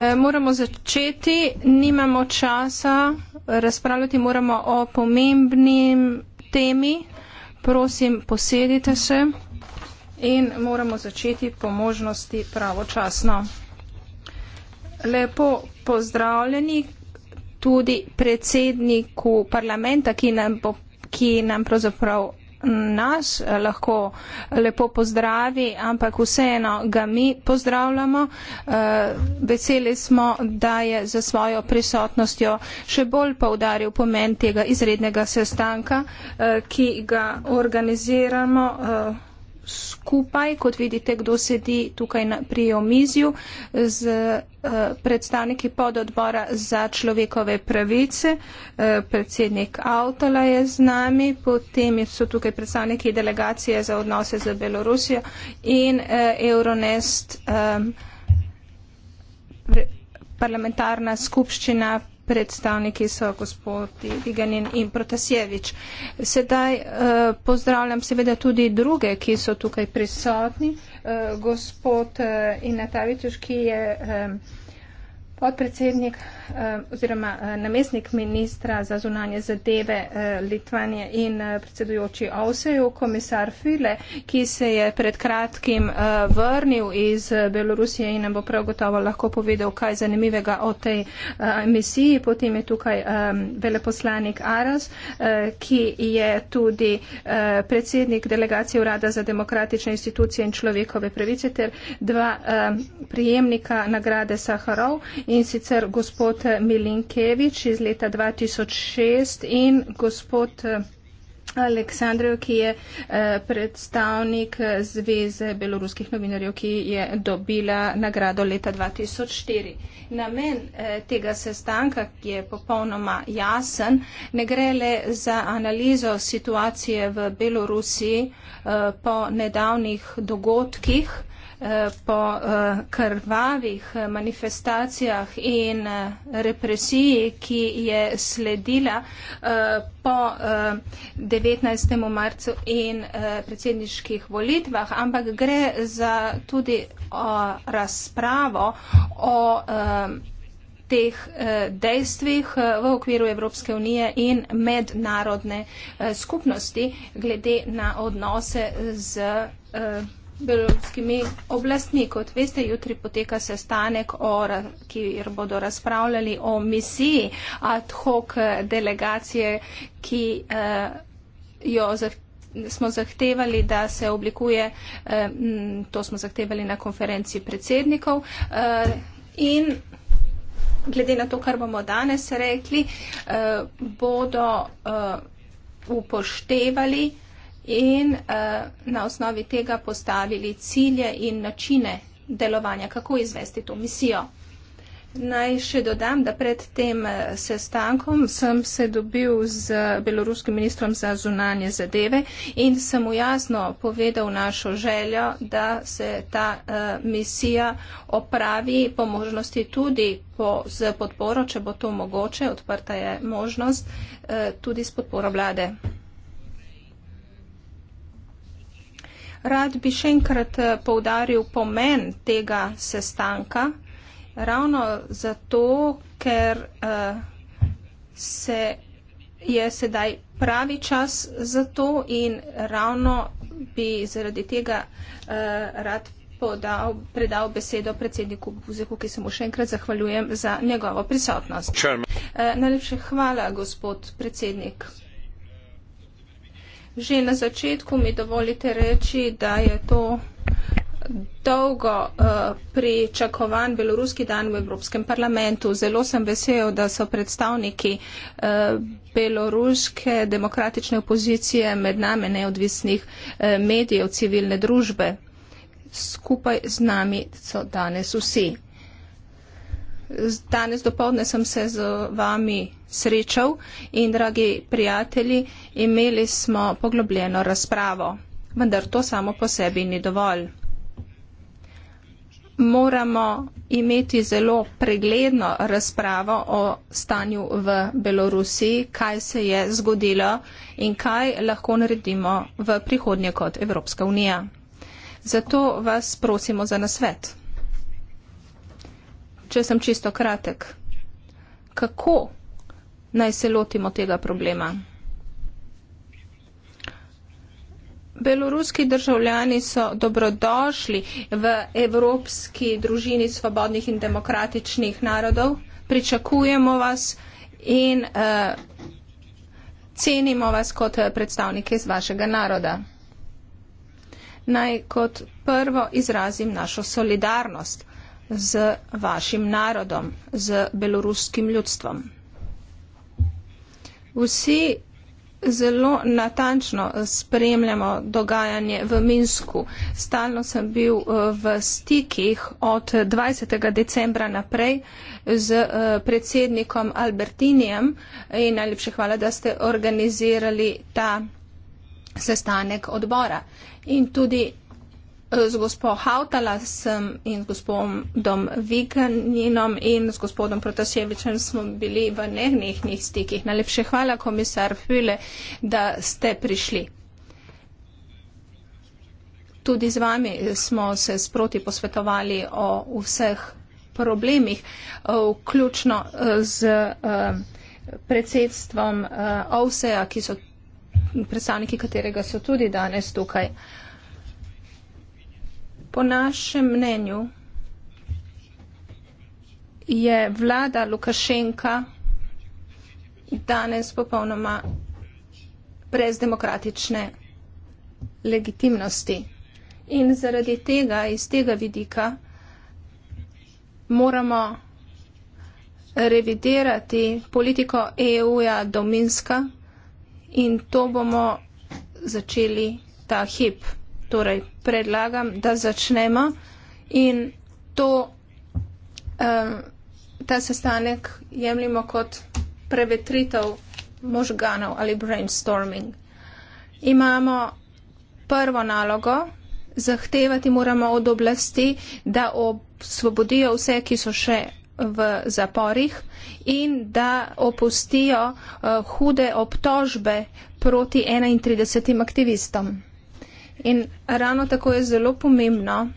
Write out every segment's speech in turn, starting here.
Eh, moramo začeti, nimamo časa, razpravljati moramo o pomembnim temi. Prosim, posedite se in moramo začeti po možnosti pravočasno. Lepo pozdravljeni tudi predsedniku parlamenta, ki nam, bo, ki nam pravzaprav nas lahko lepo pozdravi, ampak vseeno ga mi pozdravljamo. Eh, veseli smo, da je za svojo prisotnostjo še bolj povdaril pomen tega izrednega sestanka, eh, ki ga organiziramo eh, skupaj, kot vidite, kdo sedi tukaj na, pri omizju z uh, predstavniki pododbora za človekove pravice. Uh, predsednik Avtola je z nami, potem so tukaj predstavniki delegacije za odnose z Belorusijo in uh, Euronest. Um, re, parlamentarna skupščina predstavniki so gospod Viganin in Protasjevič. Sedaj eh, pozdravljam seveda tudi druge, ki so tukaj prisotni. Eh, gospod eh, Inatavič, ki je. Eh, Podpredsednik eh, oziroma eh, namestnik ministra za zunanje zadeve eh, Litvanje in predsedujoči Ovseju, komisar File, ki se je pred kratkim vrnil iz Belorusije in nam bo prav gotovo lahko povedal, kaj zanimivega o tej misiji. Potem je tukaj veleposlanik Aras, ki je tudi predsednik delegacije Urada za demokratične institucije in človekove pravice ter dva prijemnika nagrade Saharov in sicer gospod Milinkevič iz leta 2006 in gospod eh, Aleksandrov, ki je eh, predstavnik eh, Zveze beloruskih novinarjev, ki je dobila nagrado leta 2004. Namen tega sestanka je popolnoma jasen. Ne gre le za analizo situacije v Belorusiji po nedavnih dogodkih, Eh, po eh, krvavih manifestacijah in eh, represiji, ki je sledila po 19. marcu in predsedniških volitvah, ampak gre za tudi razpravo o teh dejstvih v okviru Evropske unije in mednarodne skupnosti glede na odnose z beloruskimi oblastmi. Kot veste, jutri poteka sestanek, o, kjer bodo razpravljali o misiji ad hoc delegacije, ki uh, jo zahteva. Smo zahtevali, da se oblikuje, eh, to smo zahtevali na konferenci predsednikov eh, in glede na to, kar bomo danes rekli, bodo upoštevali in uh, na osnovi tega postavili cilje in načine delovanja, kako izvesti to misijo. Naj še dodam, da pred tem eh, sestankom sem se dobil z beloruskim ministrom za zunanje zadeve in sem mu jasno povedal našo željo, da se ta uh, misija opravi po možnosti tudi po, z podporo, če bo to mogoče, odprta je možnost, uh, tudi s podporo vlade. rad bi še enkrat eh, povdaril pomen tega sestanka, ravno zato, ker uh, se je sedaj pravi čas za to in ravno bi zaradi tega uh, rad podal, predal besedo predsedniku Buzeku, ki se mu še enkrat zahvaljujem za njegovo prisotnost. Uh, najlepše hvala, gospod predsednik. Že na začetku mi dovolite reči, da je to dolgo uh, pričakovan beloruski dan v Evropskem parlamentu. Zelo sem vesel, da so predstavniki uh, beloruske demokratične opozicije med nami neodvisnih uh, medijev civilne družbe. Skupaj z nami so danes vsi. Danes dopoledne sem se z vami srečal in, dragi prijatelji, imeli smo poglobljeno razpravo. Vendar to samo po sebi ni dovolj. Moramo imeti zelo pregledno razpravo o stanju v Belorusiji, kaj se je zgodilo in kaj lahko naredimo v prihodnje kot Evropska unija. Zato vas prosimo za nasvet če sem čisto kratek, kako naj se lotimo tega problema? Beloruski državljani so dobrodošli v Evropski družini svobodnih in demokratičnih narodov. Pričakujemo vas in uh, cenimo vas kot eh, predstavnike z vašega naroda. Naj kot prvo izrazim našo solidarnost z vašim narodom, z beloruskim ljudstvom. Vsi zelo natančno spremljamo dogajanje v Minsku. Stalno sem bil eh, v stikih od 20. decembra naprej z eh, predsednikom Albertinijem in najlepše hvala, da ste organizirali ta sestanek odbora. In tudi Eh, z gospod Hautala sem in z gospodom Vikaninom in z gospodom Protasevičem smo bili v nehnih stikih. Najlepše hvala, komisar Füle, da ste prišli. Tudi z vami smo se sproti posvetovali o vseh problemih, vključno eh, z eh, predsedstvom OVSE-a, ki so predstavniki katerega so tudi danes tukaj. Po našem mnenju je vlada Lukašenka danes popolnoma brez demokratične legitimnosti. In zaradi tega, iz tega vidika, moramo revidirati politiko EU-ja do Minska in to bomo začeli ta hip. Torej, predlagam, da začnemo in to, um, ta sestanek jemljimo kot prevetritev možganov ali brainstorming. Imamo prvo nalogo, zahtevati moramo od oblasti, da osvobodijo vse, ki so še v zaporih in da opustijo uh, hude obtožbe proti 31 aktivistom. In ravno tako je zelo pomembno,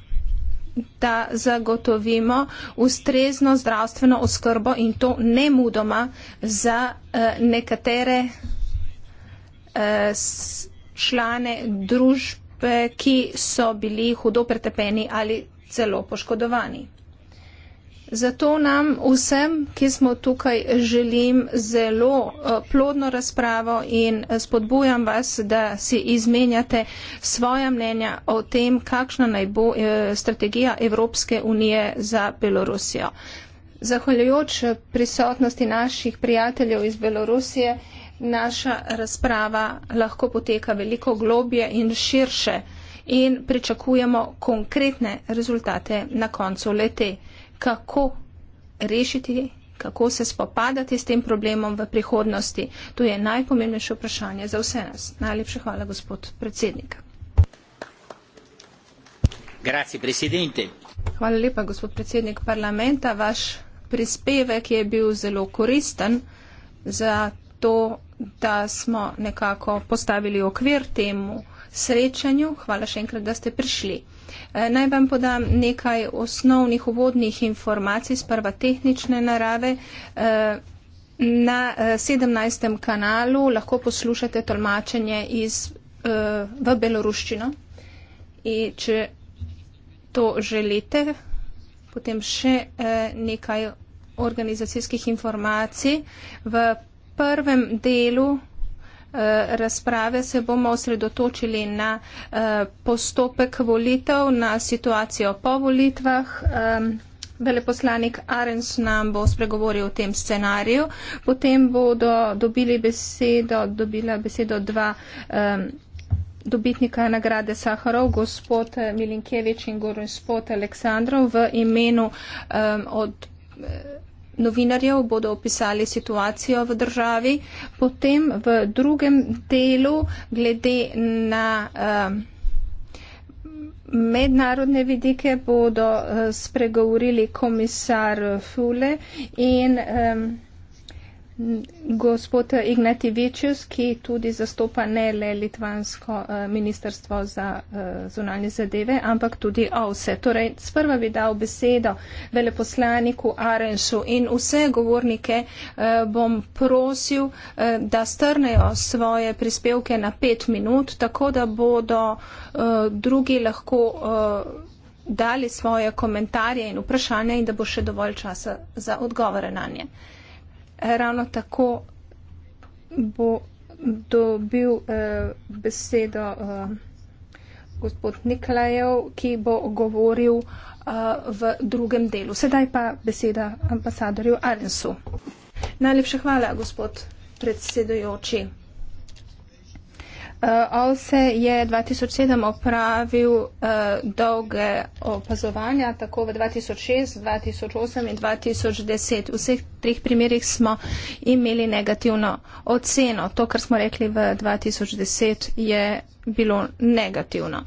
da zagotovimo ustrezno zdravstveno oskrbo in to ne mudoma za uh, nekatere uh, člane družbe, ki so bili hudo pretepeni ali celo poškodovani. Zato nam vsem, ki smo tukaj, želim zelo eh, plodno razpravo in eh, spodbujam vas, da si izmenjate svoja mnenja o tem, kakšna naj bo eh, strategija Evropske unije za Belorusijo. Zahvaljujoč prisotnosti naših prijateljev iz Belorusije, naša razprava lahko poteka veliko globje in širše in pričakujemo konkretne rezultate na koncu leteti kako rešiti, kako se spopadati s tem problemom v prihodnosti. To je najpomembnejše vprašanje za vse nas. Najlepša hvala, gospod predsednik. Hvala lepa, gospod predsednik parlamenta. Vaš prispevek je bil zelo koristen za to, da smo nekako postavili okvir temu srečanju. Hvala še enkrat, da ste prišli. Eh, naj vam podam nekaj osnovnih uvodnih informacij z prva tehnične narave. Eh, na 17. Eh, kanalu lahko poslušate tolmačenje iz, v beloruščino. In če to želite, potem še nekaj organizacijskih informacij. V prvem delu Eh, razprave se bomo osredotočili na eh, postopek volitev, na situacijo po volitvah. Ehm, veleposlanik Arens nam bo spregovoril o tem scenariju. Potem bodo dobili besedo, dobila besedo dva um, dobitnika nagrade Saharov, gospod eh, Milinkevič in gospod Aleksandrov v imenu um, od. Um, novinarjev bodo opisali situacijo v državi. Potem v drugem delu glede na eh, mednarodne vidike bodo eh, spregovorili komisar Fule in um, gospod Ignati Vičius, ki tudi zastopa ne le Litvansko eh, ministrstvo za eh, zunanje zadeve, ampak tudi OVSE. Torej, sprva bi dal besedo veleposlaniku Arenšu in vse govornike eh, bom prosil, da strnejo svoje prispevke na pet minut, tako da bodo drugi lahko dali svoje komentarje in vprašanja in da bo še dovolj časa za odgovore na nje ravno tako bo dobil eh, besedo eh, gospod Niklajev, ki bo govoril eh, v drugem delu. Sedaj pa beseda ambasadorju Alensu. Najlepša hvala, gospod predsedujoči. Uh, Olse je 2007 opravil uh, dolge opazovanja, tako v 2006, 2008 in 2010. V vseh treh primerjih smo imeli negativno oceno. To, kar smo rekli v 2010, je bilo negativno.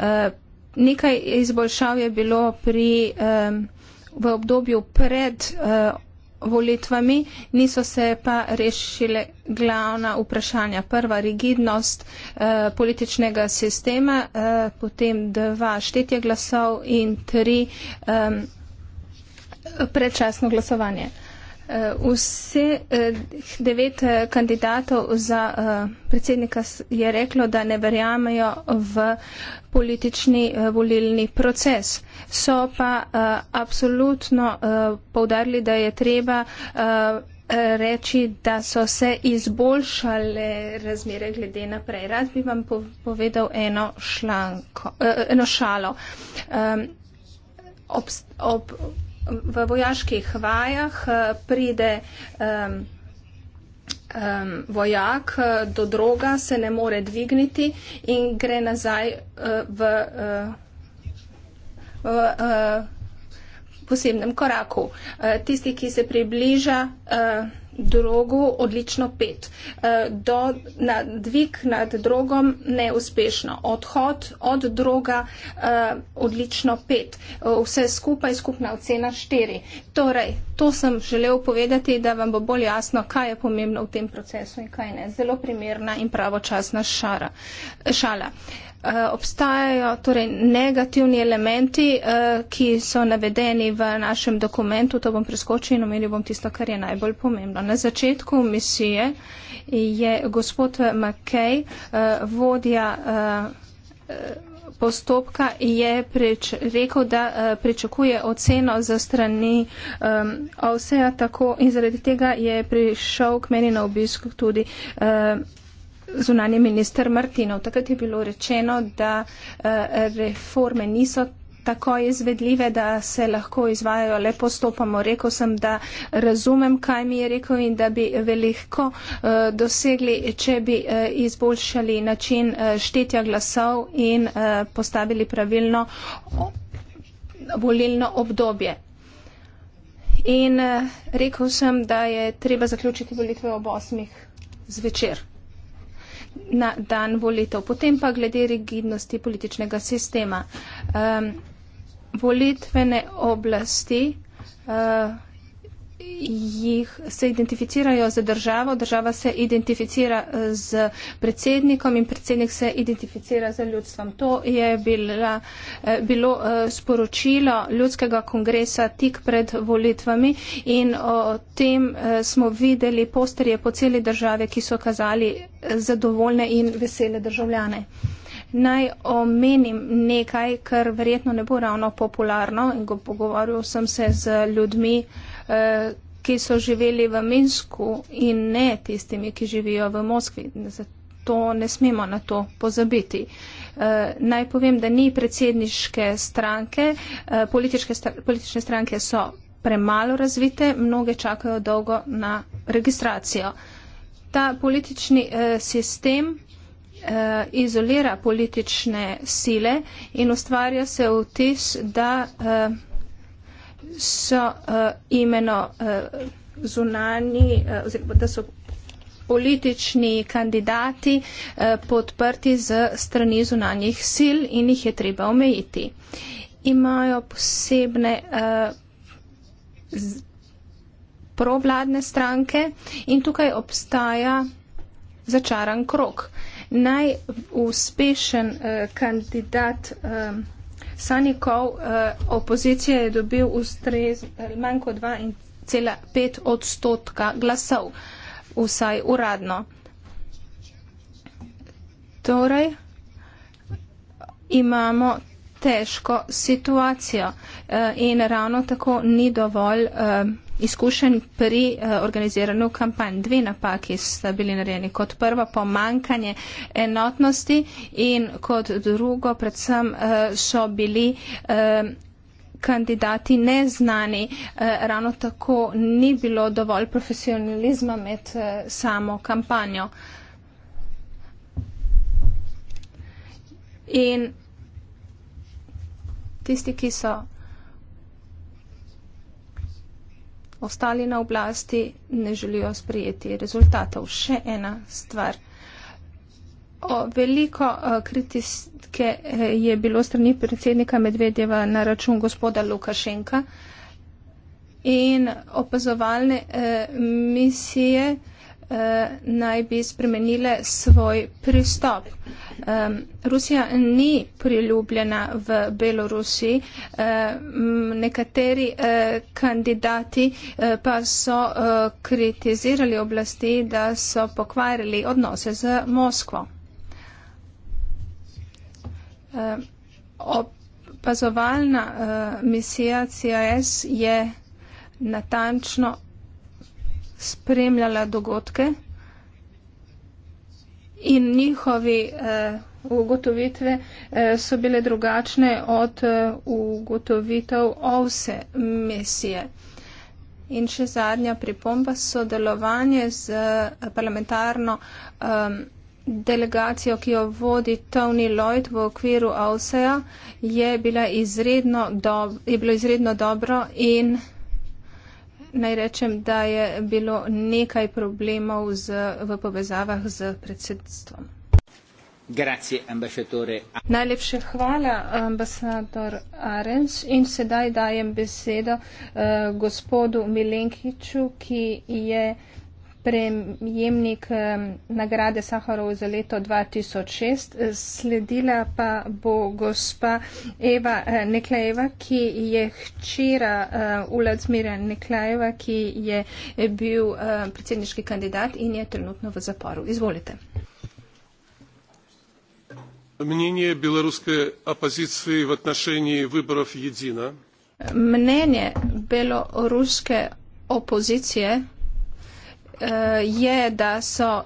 Uh, nekaj izboljšav je bilo pri, um, v obdobju pred. Uh, volitvami, niso se pa rešile glavna vprašanja. Prva, rigidnost eh, političnega sistema, eh, potem dva, štetje glasov in tri, eh, predčasno glasovanje. Eh, vse eh, devet eh, kandidatov za predsednika je reklo, da ne verjamejo v politični volilni proces. So pa absolutno povdarili, da je treba reči, da so se izboljšale razmere glede naprej. Rad bi vam povedal eno, šlanko, eno šalo. Ob, ob, v vojaških vajah eh, pride um, um, vojak eh, do droga, se ne more dvigniti in gre nazaj uh, v, uh, v uh, posebnem koraku. Uh, tisti, ki se približa. Uh, drogu odlično pet. E, do, na, dvig nad drogom neuspešno. Odhod od droga e, odlično pet. E, vse skupaj skupna ocena štiri. Torej, to sem želel povedati, da vam bo bolj jasno, kaj je pomembno v tem procesu in kaj ne. Zelo primerna in pravočasna šara, šala. Eh, obstajajo torej negativni elementi, eh, ki so navedeni v našem dokumentu. To bom preskočil in omenil bom tisto, kar je najbolj pomembno. Na začetku misije je gospod McKay, eh, vodja postopka, je preč, rekel, da pričakuje oceno za strani Avseja tako in zaradi tega je prišel k meni na obisk tudi zunanje minister Martinov. Takrat je bilo rečeno, da eh, reforme niso tako izvedljive, da se lahko izvajajo le postopamo. Rekl sem, da razumem, kaj mi je rekel in da bi veliko eh, dosegli, če bi eh, izboljšali način štetja glasov in postavili pravilno volilno obdobje. In rekel sem, da je treba zaključiti volitve ob osmih zvečer na dan volitev, potem pa glede rigidnosti političnega sistema. Um, volitvene oblasti uh, jih se identificirajo z državo, država se identificira eh, z predsednikom in predsednik se identificira z ljudstvom. To je bila, eh, bilo eh, sporočilo ljudskega kongresa tik pred volitvami in o tem smo videli posterje po celi državi, ki so kazali zadovoljne in vesele državljane. Naj omenim nekaj, kar verjetno ne bo ravno popularno in pogovarjal sem se z ljudmi, Eh, ki so živeli v Minsku in ne tistimi, ki živijo v Moskvi. Zato ne smemo na to pozabiti. Eh, naj povem, da ni predsedniške stranke, eh, politične, politične stranke so premalo razvite, mnoge čakajo dolgo na registracijo. Ta politični sistem izolira politične sile in ustvarja se vtis, da so uh, imeno uh, zunani, uh, oziroma da so politični kandidati uh, podprti z strani zunanjih sil in jih je treba omejiti. Imajo posebne uh, z, provladne stranke in tukaj obstaja začaran krok. Najuspešen uh, kandidat uh, Sanikov, eh, opozicija je dobil ustrez, manj kot 2,5 odstotka glasov, vsaj uradno. Torej, imamo težko situacijo eh, in ravno tako ni dovolj. Eh, izkušenj pri eh, organiziranju kampanj. Dve napaki sta bili narejeni. Kot prvo pomankanje enotnosti in kot drugo predvsem eh, so bili eh, kandidati neznani, ravno tako ni bilo dovolj profesionalizma med samo kampanjo. In tisti, ki so ostali na oblasti, ne želijo sprejeti rezultatov. Še ena stvar. O veliko eh, kritike eh, je bilo strani predsednika Medvedjeva na račun gospoda Lukašenka in opazovalne eh, misije. Eh, naj bi spremenile svoj pristop. Um, Rusija ni priljubljena v Belorusiji, um, nekateri uh, kandidati uh, pa so uh, kritizirali oblasti, da so pokvarili odnose z Moskvo. Uh, opazovalna uh, misija CIS je natančno spremljala dogodke in njihove eh, ugotovitve eh, so bile drugačne od eh, ugotovitev ovse misije. In še zadnja pripomba, sodelovanje z parlamentarno um, delegacijo, ki jo vodi Tony Lloyd v okviru OLSEA, je, je bilo izredno dobro in naj rečem, da je bilo nekaj problemov z, v povezavah z predsedstvom. Grazie, Najlepše hvala, ambasador Arens. In sedaj dajem besedo uh, gospodu Milenkiču, ki je prejemnik nagrade Saharov za leto 2006. Sledila pa bo gospa Eva eh, Neklajeva, ki je hčera eh, Uladzmira Neklajeva, ki je eh, bil predsedniški kandidat in je trenutno v zaporu. Izvolite. Mnenje beloruske opozicije v odnošenji выборов jedina. Mnenje beloruske opozicije Eh, je, da so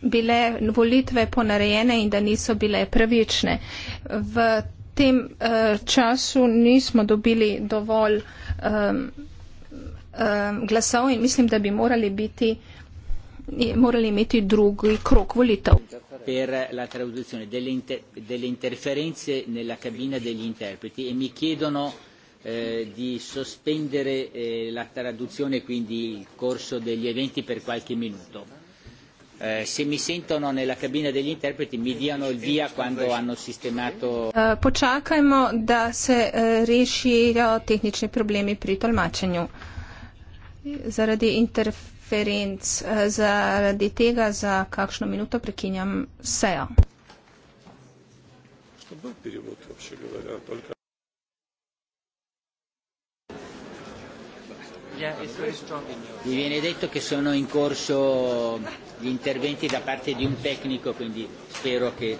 bile volitve ponarejene in da niso bile pravične. V tem eh, času nismo dobili dovolj glasov in mislim, da bi morali biti morali imeti drugi krok volitev. Per la traduzione delle, inter, delle interferenze nella cabina degli interpreti e mi chiedono Eh, di sospendere eh, la traduzione, quindi il corso degli eventi per qualche minuto. Uh, se mi sentono nella cabina degli interpreti mi diano il via quando hanno sistemato. Uh, počakajmo da se uh, riuscirò tecnici problemi per il tolmaceno. Zaradi interferenz, uh, zaradi tega za kakšno minuto prekinjam sejo. E Mi viene detto che sono in corso gli interventi da parte di un tecnico, quindi spero che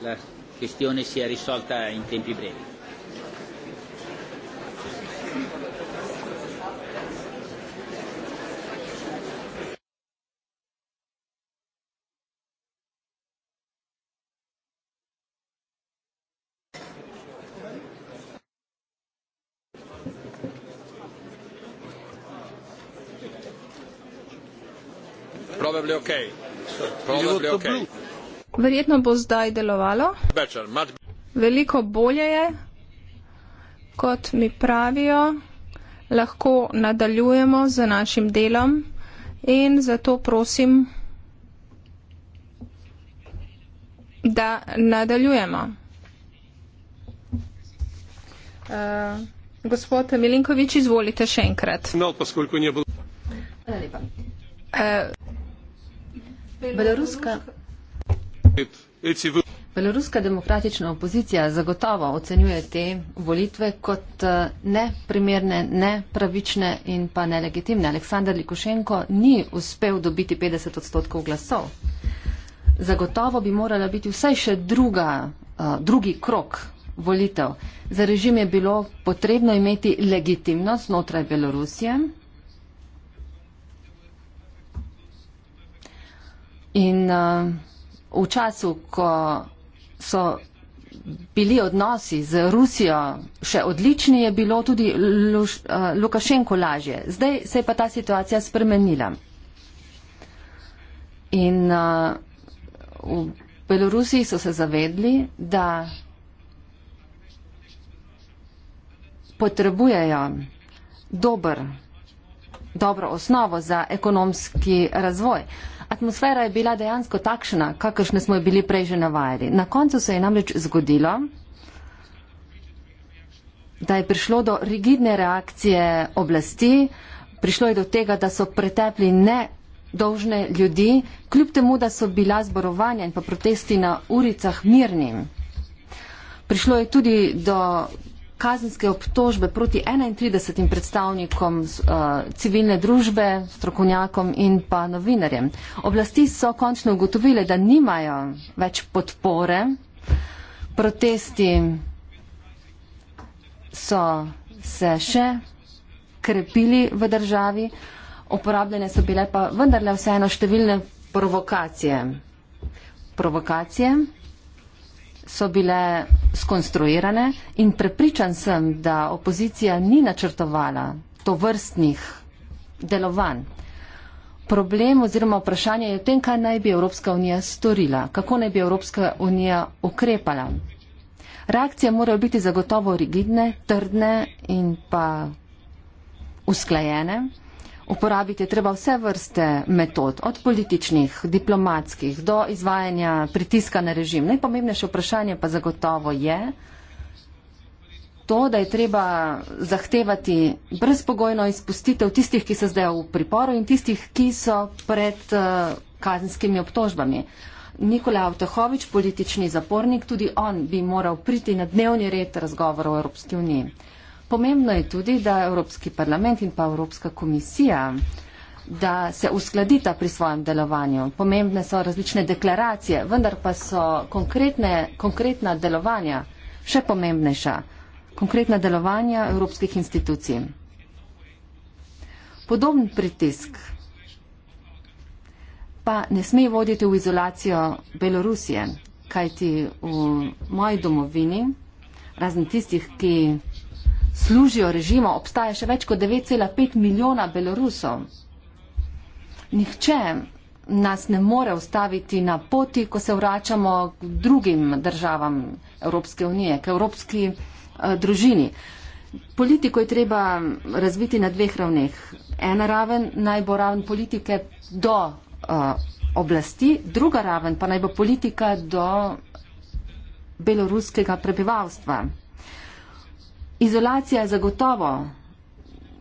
la questione sia risolta in tempi brevi. probably okay. Probably okay. Verjetno bo zdaj delovalo. Better, much... Veliko bolje je, kot mi pravijo, lahko nadaljujemo z našim delom in zato prosim, da nadaljujemo. Uh, gospod Milinkovič, izvolite še enkrat. No, poskolko nje bo. Hvala lepa. Uh, Beloruska demokratična opozicija zagotovo ocenjuje te volitve kot eh, neprimerne, nepravične in pa nelegitimne. Aleksandar Likušenko ni uspel dobiti 50 odstotkov glasov. Zagotovo bi morala biti vsaj še druga, eh, drugi krok volitev. Za režim je bilo potrebno imeti legitimnost znotraj Belorusije, In uh, v času, ko so bili odnosi z Rusijo še odlični, je bilo tudi Luš, uh, Lukašenko lažje. Zdaj se je pa ta situacija spremenila. In uh, v Belorusiji so se zavedli, da potrebujejo dober, dobro osnovo za ekonomski razvoj. Uh, Atmosfera je bila dejansko takšna, kakršne smo jo bili prej že navajali. Na koncu se je namreč zgodilo, da je prišlo do rigidne reakcije oblasti, prišlo je do tega, da so pretepli nedolžne ljudi, kljub temu, da so bila zborovanja in pa protesti na uricah mirnim. Prišlo je tudi do kazenske obtožbe proti 31 predstavnikom uh, civilne družbe, strokovnjakom in pa novinarjem. Oblasti so končno ugotovile, da nimajo več podpore. Protesti so se še krepili v državi, uporabljene so bile pa vendarle vseeno številne provokacije. Provokacije, so bile skonstruirane in prepričan sem, da opozicija ni načrtovala to vrstnih delovanj. Problem oziroma vprašanje je v tem, kaj naj bi Evropska unija storila, kako naj bi Evropska unija ukrepala. Reakcije morajo biti zagotovo rigidne, trdne in pa usklajene uporabiti je treba vse vrste metod, od političnih, diplomatskih do izvajanja pritiska na režim. Najpomembnejše vprašanje pa zagotovo je to, da je treba zahtevati brezpogojno izpustitev tistih, ki so zdaj v priporu in tistih, ki so pred eh, kazenskimi obtožbami. Nikola Avtehovič, politični zapornik, tudi on bi moral priti na dnevni red razgovorov o Evropski uniji. Pomembno je tudi, da Evropski parlament in pa Evropska komisija, da se uskladita pri svojem delovanju. Pomembne so različne deklaracije, vendar pa so konkretna delovanja še pomembnejša. Konkretna delovanja evropskih institucij. Podoben pritisk pa ne sme voditi v izolacijo Belorusije, kajti v moji domovini, razen tistih, ki služijo režimu, obstaja še več kot 9,5 milijona Belorusov. Nihče nas ne more ustaviti na poti, ko se vračamo k drugim državam Evropske unije, k evropski eh, družini. Politiko je treba razviti na dveh ravneh. Ena raven naj bo raven politike do eh, oblasti, druga raven pa naj bo politika do beloruskega prebivalstva. Izolacija zagotovo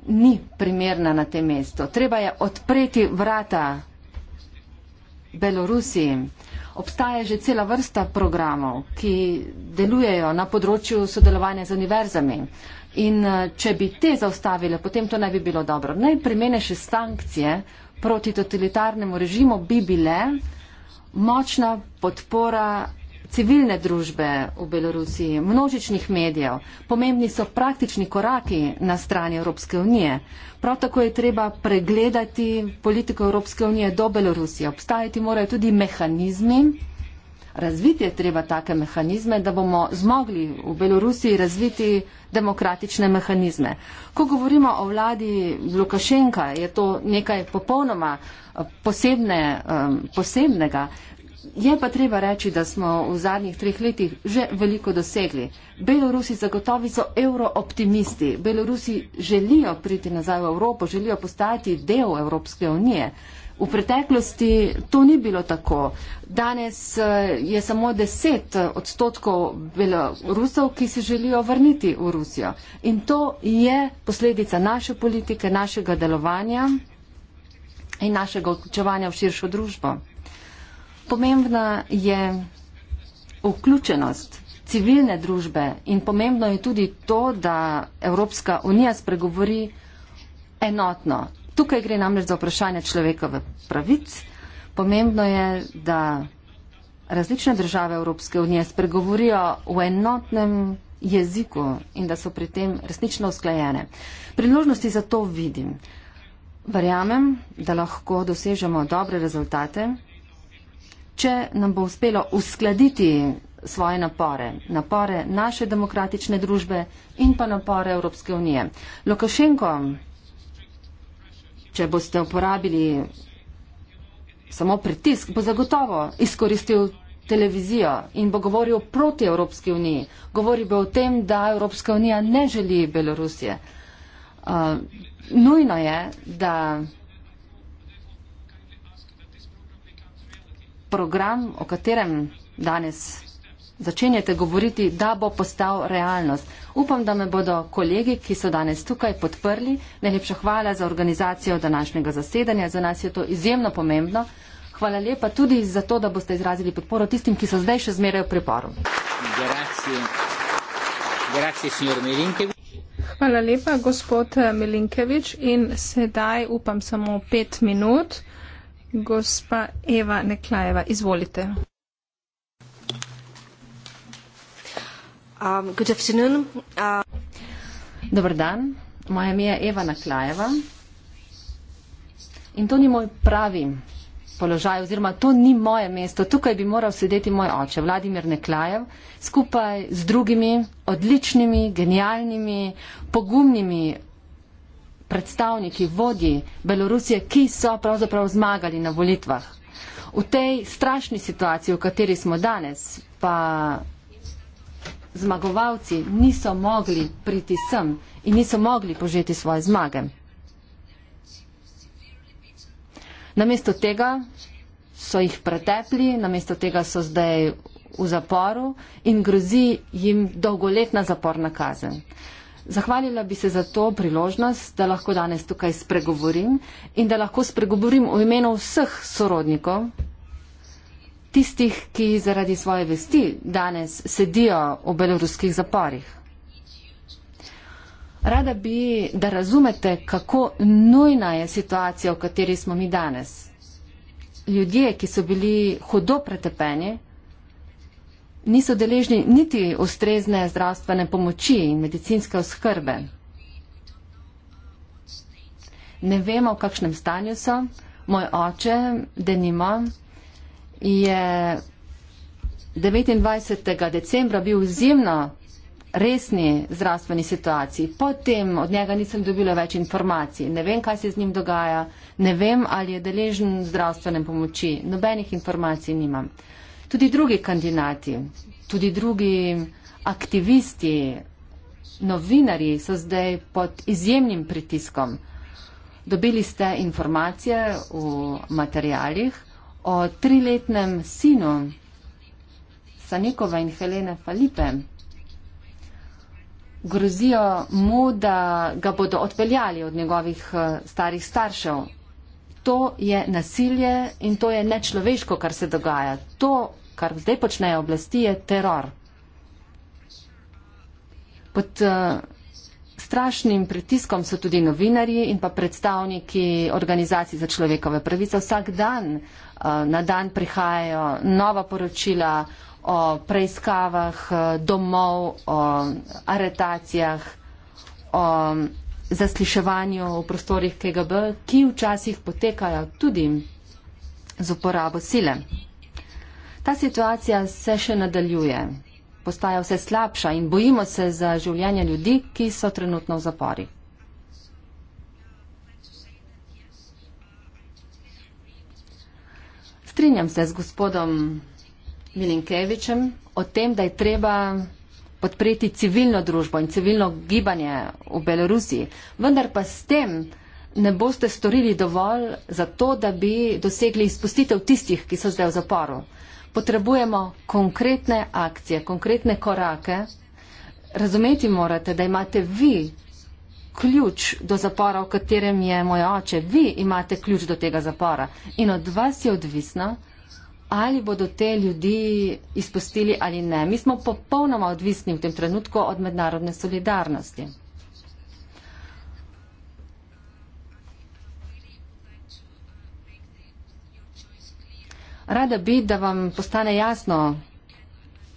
ni primerna na tem mestu. Treba je odpreti vrata Belorusiji. Obstaja že cela vrsta programov, ki delujejo na področju sodelovanja z univerzami. In eh, če bi te zaustavile, potem to ne bi bilo dobro. Najprimenejše sankcije proti totalitarnemu režimu bi bile močna podpora civilne družbe v Belorusiji, množičnih medijev. Pomembni so praktični koraki na strani Evropske unije. Prav tako je treba pregledati politiko Evropske unije do Belorusije. Obstajati morajo tudi mehanizmi, razviti je treba take mehanizme, da bomo zmogli v Belorusiji razviti demokratične mehanizme. Ko govorimo o vladi Lukašenka, je to nekaj popolnoma eh, posebne, eh, posebnega. Je pa treba reči, da smo v zadnjih treh letih že veliko dosegli. Belorusi zagotovi so eurooptimisti. Belorusi želijo priti nazaj v Evropo, želijo postati del Evropske unije. V preteklosti to ni bilo tako. Danes eh, je samo deset odstotkov Belorusov, ki se želijo vrniti v Rusijo. In to je posledica naše politike, našega delovanja in našega vključevanja v širšo družbo. Pomembna je vključenost civilne družbe in pomembno je tudi to, da Evropska unija spregovori enotno. Tukaj gre namreč za vprašanje človekove pravic. Pomembno je, da različne države Evropske unije spregovorijo v enotnem jeziku in da so pri tem resnično usklajene. Priložnosti za to vidim. Verjamem, da lahko dosežemo dobre rezultate če nam bo uspelo uskladiti svoje napore, napore naše demokratične družbe in pa napore Evropske unije. Lukašenko, če boste uporabili samo pritisk, bo zagotovo izkoristil televizijo in bo govoril proti Evropski uniji. Govori bo o tem, da Evropska unija ne želi Belorusije. Uh, nujno je, da program, o katerem danes začenjate govoriti, da bo postal realnost. Upam, da me bodo kolegi, ki so danes tukaj, podprli. Najlepša hvala za organizacijo današnjega zasedanja. Za nas je to izjemno pomembno. Hvala lepa tudi za to, da boste izrazili podporo tistim, ki so zdaj še zmeraj v priporu. Hvala lepa, gospod Milinkevič. In sedaj upam samo pet minut. Gospa Eva Neklajeva, izvolite. Um, good afternoon. Uh... Dobar dan, moje ime je Eva Neklajeva in to ni moj pravi položaj oziroma to ni moje mesto. Tukaj bi moral sedeti moj oče, Vladimir Neklajev, skupaj z drugimi odličnimi, genialnimi, pogumnimi predstavniki, vodji Belorusije, ki so pravzaprav zmagali na volitvah. V tej strašni situaciji, v kateri smo danes, pa zmagovalci niso mogli priti sem in niso mogli požeti svoje zmage. Namesto tega so jih pretepli, namesto tega so zdaj v zaporu in grozi jim dolgoletna zaporna kazen. Zahvalila bi se za to priložnost, da lahko danes tukaj spregovorim in da lahko spregovorim v imenu vseh sorodnikov, tistih, ki zaradi svoje vesti danes sedijo v beloruskih zaporih. Rada bi, da razumete, kako nujna je situacija, v kateri smo mi danes. Ljudje, ki so bili hudo pretepeni, niso deležni niti ustrezne zdravstvene pomoči in medicinske oskrbe. Ne vemo, v kakšnem stanju so. Moj oče, denimo, je 29. decembra bil vzimno resni zdravstveni situaciji. Potem od njega nisem dobila več informacij. Ne vem, kaj se z njim dogaja. Ne vem, ali je deležen zdravstvene pomoči. Nobenih informacij nimam tudi drugi kandidati, tudi drugi aktivisti, novinari so zdaj pod izjemnim pritiskom. Dobili ste informacije v materijalih o triletnem sinu Sanikova in Helene Falipe. Grozijo mu, da ga bodo odpeljali od njegovih eh, starih staršev. To je nasilje in to je nečloveško, kar se dogaja. To kar zdaj počnejo oblasti, je teror. Pod uh, strašnim pritiskom so tudi novinarji in pa predstavniki organizacij za človekove pravice. Vsak dan uh, na dan prihajajo nova poročila o preiskavah eh, domov, o aretacijah, o zasliševanju v prostorih KGB, ki včasih potekajo tudi z uporabo sile. Ta situacija se še nadaljuje, postaja vse slabša in bojimo se za življenje ljudi, ki so trenutno v zapori. Strinjam se z gospodom Milinkevičem o tem, da je treba podpreti civilno družbo in civilno gibanje v Belorusiji, vendar pa s tem ne boste storili dovolj za to, da bi dosegli izpustitev tistih, ki so zdaj v zaporu potrebujemo konkretne akcije, konkretne korake. Razumeti morate, da imate vi ključ do zapora, v katerem je moj oče. Vi imate ključ do tega zapora. In od vas je odvisno, ali bodo te ljudi izpustili ali ne. Mi smo popolnoma odvisni v tem trenutku od mednarodne solidarnosti. Rada bi, da vam postane jasno,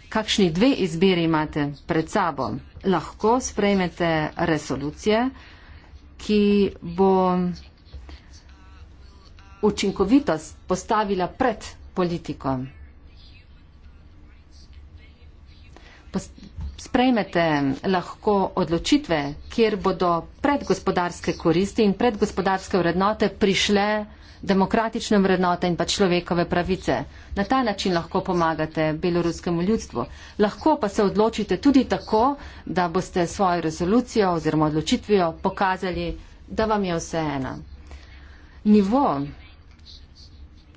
kakšni dve izbiri imate pred sabo. Lahko sprejmete resolucije, ki bo učinkovitost postavila pred politiko. Sprejmete lahko odločitve, kjer bodo predgospodarske koristi in predgospodarske vrednote prišle demokratične vrednote in pa človekove pravice. Na ta način lahko pomagate beloruskemu ljudstvu. Lahko pa se odločite tudi tako, da boste svojo rezolucijo oziroma odločitvijo pokazali, da vam je vse ena. Nivo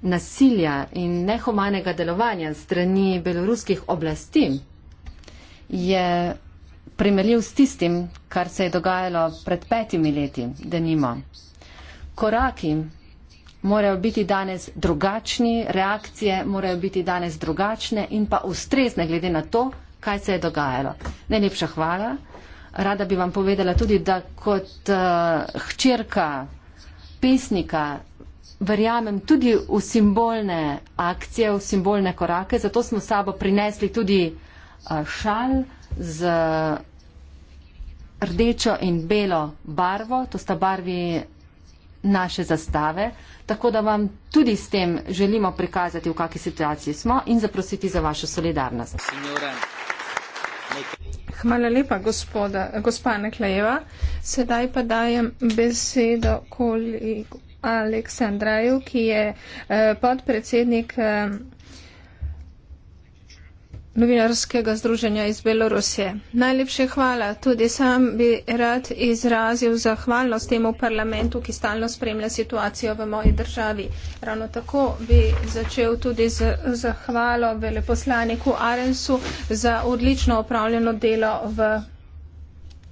nasilja in nehumanega delovanja strani beloruskih oblasti je primerljiv s tistim, kar se je dogajalo pred petimi leti, da nima. Koraki morajo biti danes drugačni, reakcije morajo biti danes drugačne in pa ustrezne glede na to, kaj se je dogajalo. Najlepša hvala. Rada bi vam povedala tudi, da kot uh, hčerka pesnika verjamem tudi v simbolne akcije, v simbolne korake, zato smo s sabo prinesli tudi uh, šal z rdečo in belo barvo, to sta barvi naše zastave, tako da vam tudi s tem želimo prikazati, v kakšni situaciji smo in zaprositi za vašo solidarnost. Hvala lepa, gospoda, gospa Neklajeva. Sedaj pa dajem besedo kolegu Aleksandraju, ki je eh, podpredsednik. Eh, novinarskega združenja iz Belorusije. Najlepše hvala. Tudi sam bi rad izrazil zahvalnost temu parlamentu, ki stalno spremlja situacijo v moji državi. Ravno tako bi začel tudi z zahvalo veleposlaniku Arensu za odlično opravljeno delo v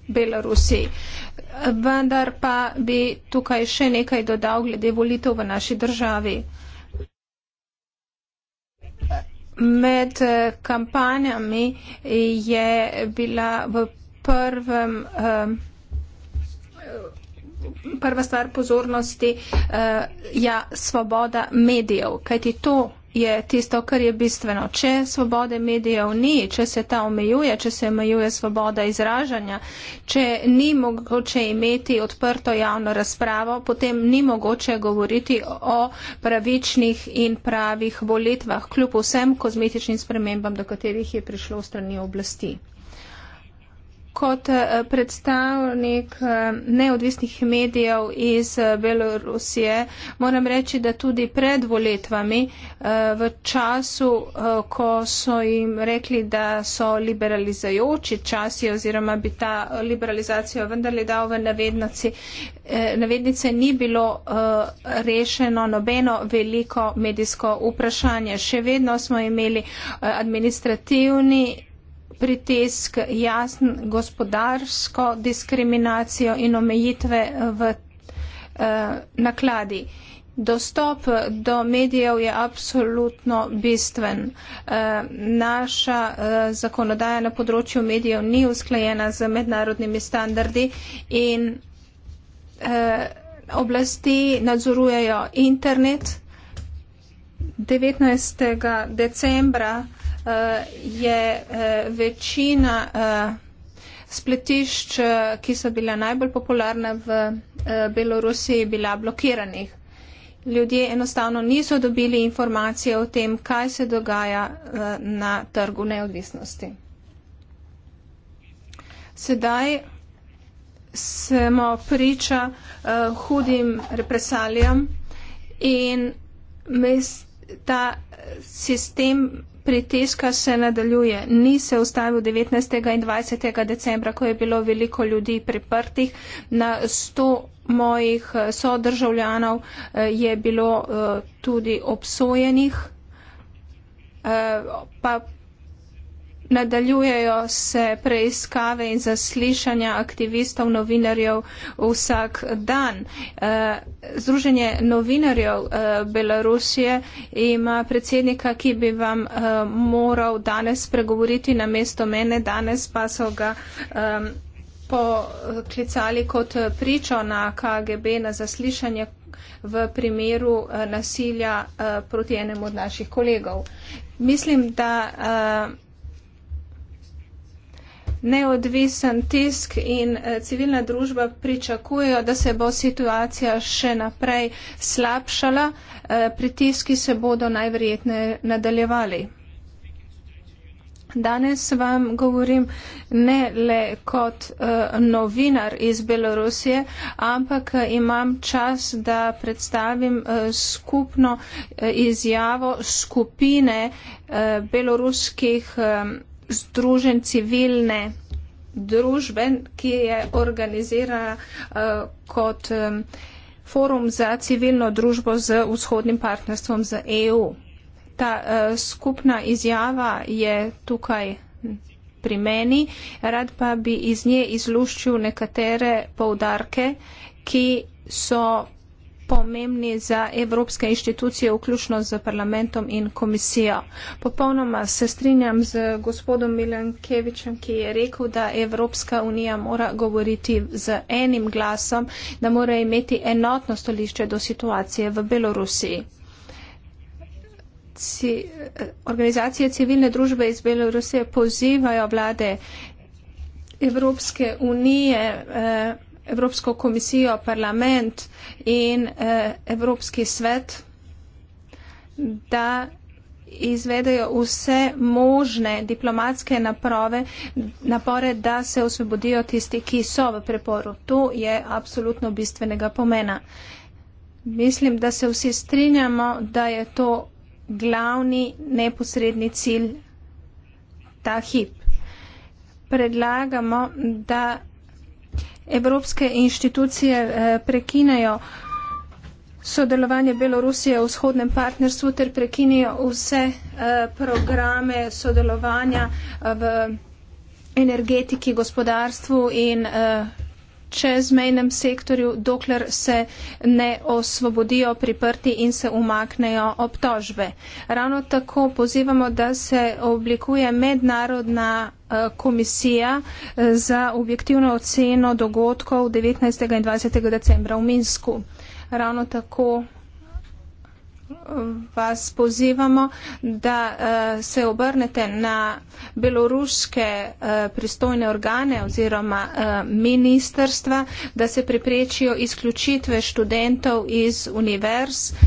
Belorusiji. Vendar pa bi tukaj še nekaj dodal glede volitev v naši državi. Med eh, kampanjami je bila v prvem, eh, prva stvar pozornosti eh, ja, svoboda medijev, kajti to je tisto, kar je bistveno. Če svobode medijev ni, če se ta omejuje, če se omejuje svoboda izražanja, če ni mogoče imeti odprto javno razpravo, potem ni mogoče govoriti o pravičnih in pravih volitvah, kljub vsem kozmetičnim spremembam, do katerih je prišlo strani oblasti kot eh, predstavnik eh, neodvisnih medijev iz eh, Belorusije moram reči, da tudi pred volitvami v času, ko so jim rekli, da so liberalizajoči časi oziroma bi ta liberalizacijo vendarle dal v navednice, ni bilo rešeno nobeno veliko medijsko vprašanje. Še vedno smo imeli administrativni pritisk, jasn gospodarsko diskriminacijo in omejitve v eh, nakladi. Dostop do medijev je apsolutno bistven. Eh, naša eh, zakonodaja na področju medijev ni usklajena z mednarodnimi standardi in oblasti nadzorujejo internet. 19. decembra Eh, je eh, večina eh, spletišč, ki so bila najbolj popularna v Belorusiji, bila blokiranih. Ljudje enostavno niso dobili informacije o tem, kaj se dogaja na trgu neodvisnosti. Sedaj smo priča uh, hudim represalijam in mes, ta sistem pritiska še nadaljuje. Ni se ustavil 19. in 20. decembra, ko je bilo veliko ljudi priprtih. Na 100 mojih eh, sodržavljanov eh, je bilo eh, tudi obsojenih, pa Nadaljujejo se preiskave in zaslišanja aktivistov, novinarjev vsak dan. Eh, Združenje novinarjev eh, Belorusije ima predsednika, ki bi vam eh, moral danes pregovoriti na mesto mene, danes pa so ga poklicali kot pričo na KGB na zaslišanje v primeru nasilja proti enemu od naših kolegov. Mislim, da neodvisen tisk in eh, civilna družba pričakujejo, da se bo situacija še naprej slabšala, eh, pritiski se bodo najverjetneje nadaljevali. Danes vam govorim ne le kot uh, novinar iz Belorusije, ampak imam čas, da predstavim uh, skupno uh, izjavo skupine uh, beloruskih um, združen civilne družbe, ki je organizirala uh, eh, kot um, forum za civilno družbo z vzhodnim partnerstvom z EU. Ta uh, skupna izjava je tukaj hm, pri meni. Rad pa bi iz nje izluščil nekatere povdarke, ki so pomembni za evropske inštitucije, vključno z parlamentom in komisijo. Popolnoma se strinjam z gospodom Milankevičem, ki je rekel, da Evropska unija mora govoriti z enim glasom, da mora imeti enotno stolišče do situacije v Belorusiji. Ci, organizacije civilne družbe iz Belorusije pozivajo vlade Evropske unije. Eh, Evropsko komisijo, parlament in eh, Evropski svet, da izvedejo vse možne diplomatske naprave, napore, da se osvobodijo tisti, ki so v preporu. To je absolutno bistvenega pomena. Mislim, da se vsi strinjamo, da je to glavni neposredni cilj ta hip. Predlagamo, da evropske inštitucije eh, prekinejo sodelovanje Belorusije v vzhodnem partnerstvu ter prekinijo vse eh, programe sodelovanja eh, v energetiki, gospodarstvu in čezmejnem sektorju, dokler se ne osvobodijo priprti in se umaknejo obtožbe. Ravno tako pozivamo, da se oblikuje mednarodna eh, komisija eh, za objektivno oceno dogodkov 19. in 20. decembra v Minsku. Ravno tako vas pozivamo, da uh, se obrnete na beloruske uh, pristojne organe oziroma uh, eh, ministerstva, da se preprečijo izključitve študentov iz univerz uh,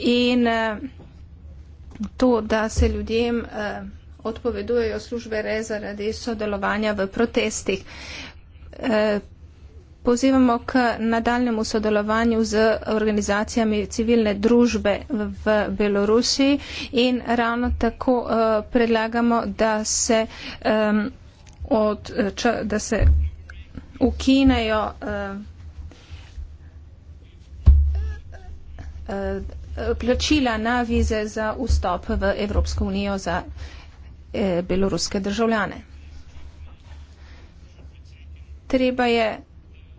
in uh, to, da se ljudem uh, odpovedujejo službe re zaradi sodelovanja v protestih. Uh, pozivamo k nadaljnemu sodelovanju z organizacijami civilne družbe v Belorusiji in ravno tako eh, predlagamo, da se, od, če, da se ukinejo eh, eh, plačila na vize za vstop v Evropsko unijo za beloruske državljane. Treba je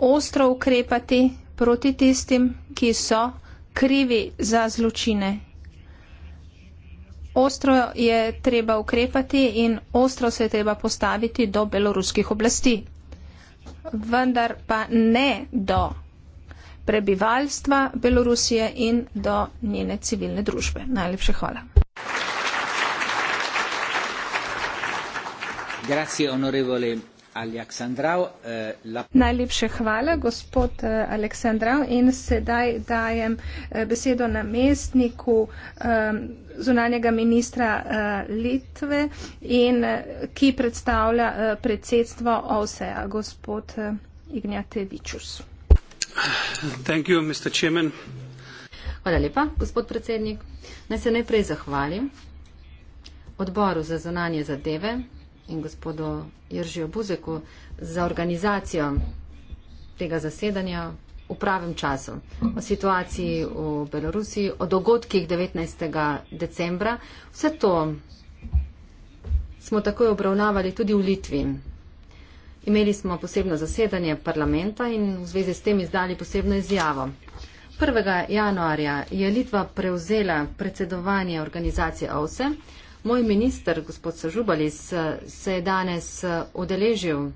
ostro ukrepati proti tistim, ki so krivi za zločine. Ostro je treba ukrepati in ostro se je treba postaviti do beloruskih oblasti. Vendar pa ne do prebivalstva Belorusije in do njene civilne družbe. Najlepše hvala. Grazie, Eh, Najlepše hvala, gospod eh, Aleksandrov. In sedaj dajem eh, besedo namestniku zunanjega ministra Litve, in, ki predstavlja predsedstvo OSEA, gospod Ignatevičus. Hvala lepa, gospod predsednik. Naj se najprej zahvalim odboru za zunanje zadeve, in gospodu Jeržiju Buzeku za organizacijo tega zasedanja v pravem času. O situaciji v Belorusiji, o dogodkih 19. decembra. Vse to smo takoj obravnavali tudi v Litvi. Imeli smo posebno zasedanje parlamenta in v zvezi s tem izdali posebno izjavo. 1. januarja je Litva prevzela predsedovanje organizacije OSE. Moj minister, gospod Sažubalis, se je danes odeležil eh,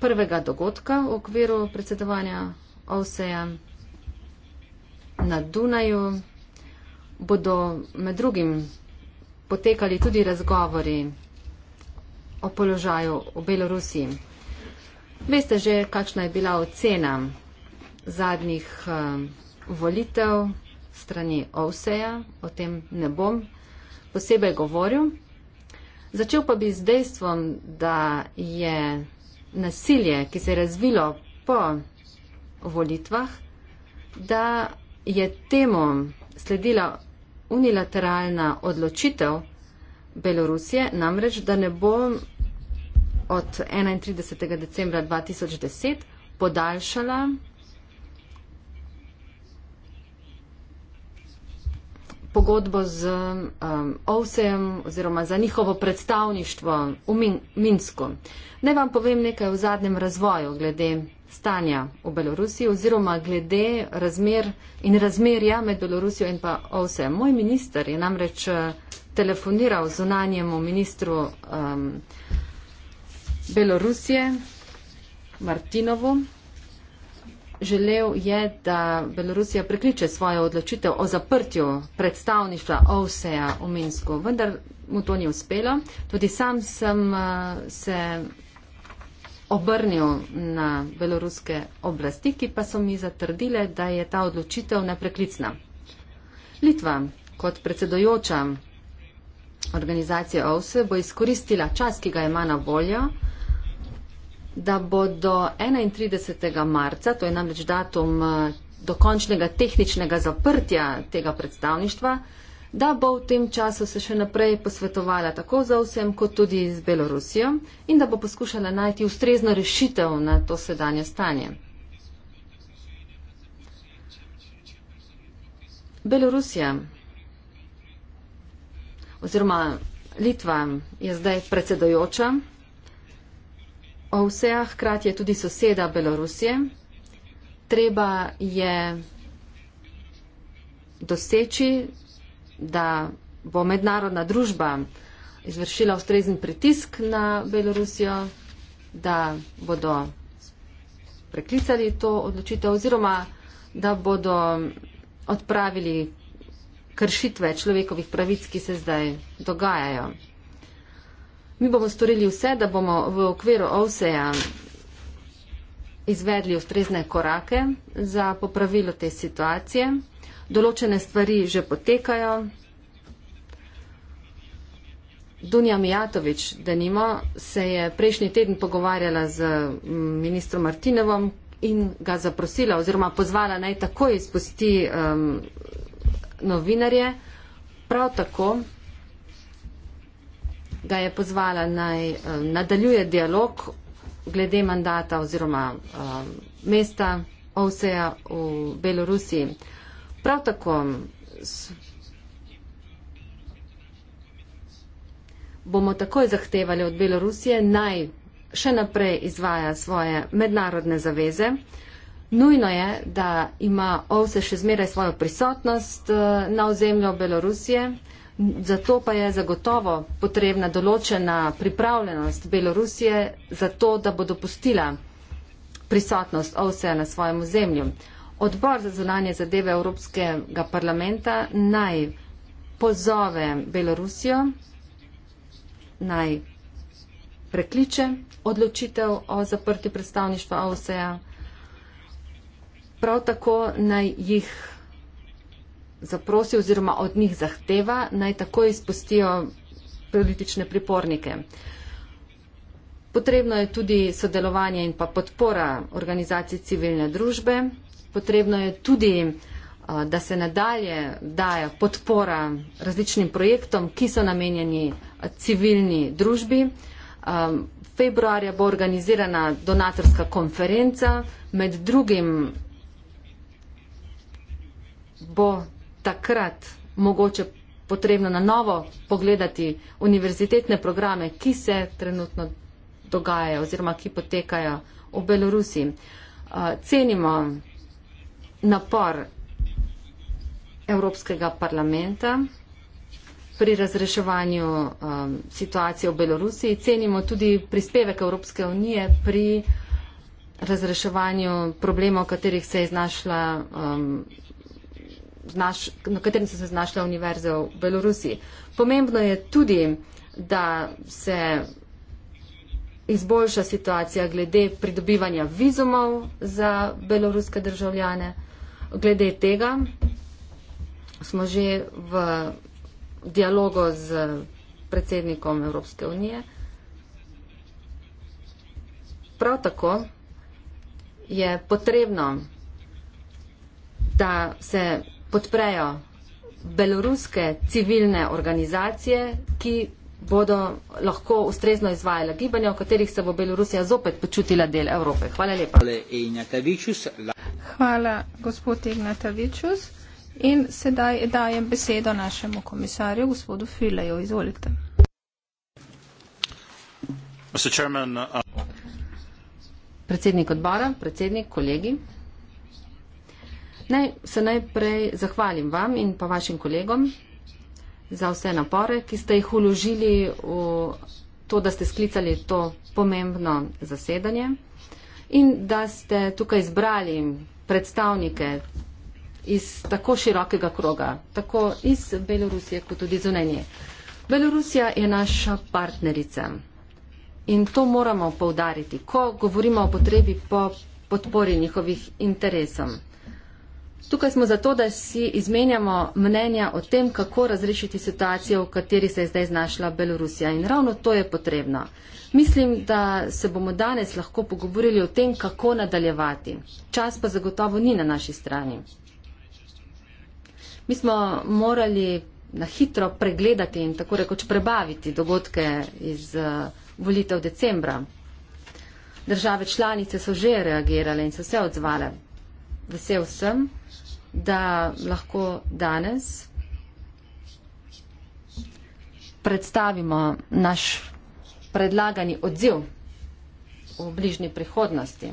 prvega dogodka v okviru predsedovanja OVSE-ja na Dunaju. Bodo med drugim potekali tudi razgovori o položaju v Belorusiji. Veste že, kakšna je bila ocena zadnjih eh, volitev strani OVSE-ja, o tem ne bom posebej govoril. Začel pa bi z dejstvom, da je nasilje, ki se je razvilo po volitvah, da je temu sledila unilateralna odločitev Belorusije, namreč, da ne bo od 31. decembra 2010 podaljšala pogodbo z um, OVSEM oziroma za njihovo predstavništvo v Min Minsku. Naj vam povem nekaj o zadnjem razvoju glede stanja v Belorusiji oziroma glede razmer in razmerja med Belorusijo in pa OVSEM. Moj minister je namreč uh, telefoniral zunanjemu ministru um, Belorusije Martinovu. Želel je, da Belorusija prekliče svojo odločitev o zaprtju predstavništva OVSE-ja v Minsku, vendar mu to ni uspelo. Tudi sam sem eh, se obrnil na beloruske oblasti, ki pa so mi zatrdile, da je ta odločitev nepreklicna. Litva kot predsedojoča organizacije OVSE bo izkoristila čas, ki ga ima na voljo da bo do 31. marca, to je namreč datum eh, dokončnega tehničnega zaprtja tega predstavništva, da bo v tem času se še naprej posvetovala tako za vsem, kot tudi z Belorusijo in da bo poskušala najti ustrezno rešitev na to sedanje stanje. Belorusija oziroma Litva je zdaj predsedojoča o vseh, hkrati je tudi soseda Belorusije. Treba je doseči, da bo mednarodna družba izvršila ustrezen pritisk na Belorusijo, da bodo preklicali to odločitev oziroma da bodo odpravili kršitve človekovih pravic, ki se zdaj dogajajo. Mi bomo storili vse, da bomo v okviru OVSE-ja izvedli ustrezne korake za popravilo te situacije. Določene stvari že potekajo. Dunja Mijatovič, da nimo, se je prejšnji teden pogovarjala z mm, ministrom Martinovom in ga zaprosila oziroma pozvala naj takoj izpusti um, novinarje. Prav tako ga je pozvala naj eh, nadaljuje dialog glede mandata oziroma eh, mesta Ovseja v Belorusiji. Prav tako bomo takoj zahtevali od Belorusije naj še naprej izvaja svoje mednarodne zaveze. Nujno je, da ima OVSE še zmeraj svojo prisotnost eh, na ozemlju Belorusije. Zato pa je zagotovo potrebna določena pripravljenost Belorusije za to, da bo dopustila prisotnost OVSE na svojem ozemlju. Odbor za zunanje zadeve Evropskega parlamenta naj pozove Belorusijo, naj prekliče odločitev o zaprti predstavništva OVSE, prav tako naj jih zaprosi oziroma od njih zahteva, naj takoj izpustijo politične pripornike. Potrebno je tudi sodelovanje in pa podpora organizacij civilne družbe. Potrebno je tudi, uh, da se nadalje daje podpora različnim projektom, ki so namenjeni uh, civilni družbi. Um, februarja bo organizirana donatorska konferenca, med drugim bo takrat mogoče potrebno na novo pogledati univerzitetne programe, ki se trenutno dogajajo oziroma ki potekajo v Belorusi. Cenimo napor Evropskega parlamenta pri razreševanju um, situacije v Belorusiji. Cenimo tudi prispevek Evropske unije pri razreševanju problemov, v katerih se je znašla um, znaš, na katerem se je znašla univerza v Belorusiji. Pomembno je tudi, da se izboljša situacija glede pridobivanja vizumov za beloruske državljane. Glede tega smo že v dialogu z predsednikom Evropske unije. Prav tako je potrebno, da se podprejo beloruske civilne organizacije, ki bodo lahko ustrezno izvajala gibanja, v katerih se bo Belorusija zopet počutila del Evrope. Hvala lepa. Hvala, gospod Ignatavičus. In sedaj dajem besedo našemu komisarju, gospodu Filaju. Izvolite. Chairman, uh... Predsednik odbora, predsednik, kolegi. Naj se najprej zahvalim vam in pa vašim kolegom za vse napore, ki ste jih uložili v to, da ste sklicali to pomembno zasedanje in da ste tukaj izbrali predstavnike iz tako širokega kroga, tako iz Belorusije, kot tudi zunanje. Belorusija je naša partnerica in to moramo povdariti, ko govorimo o potrebi po podpori njihovih interesom. Tukaj smo zato, da si izmenjamo mnenja o tem, kako razrešiti situacijo, v kateri se je zdaj znašla Belorusija. In ravno to je potrebno. Mislim, da se bomo danes lahko pogovorili o tem, kako nadaljevati. Čas pa zagotovo ni na naši strani. Mi smo morali na hitro pregledati in tako rekoč prebaviti dogodke iz eh, volitev decembra. Države članice so že reagirale in so se odzvale. Vesel sem, da lahko danes predstavimo naš predlagani odziv v bližnji prihodnosti.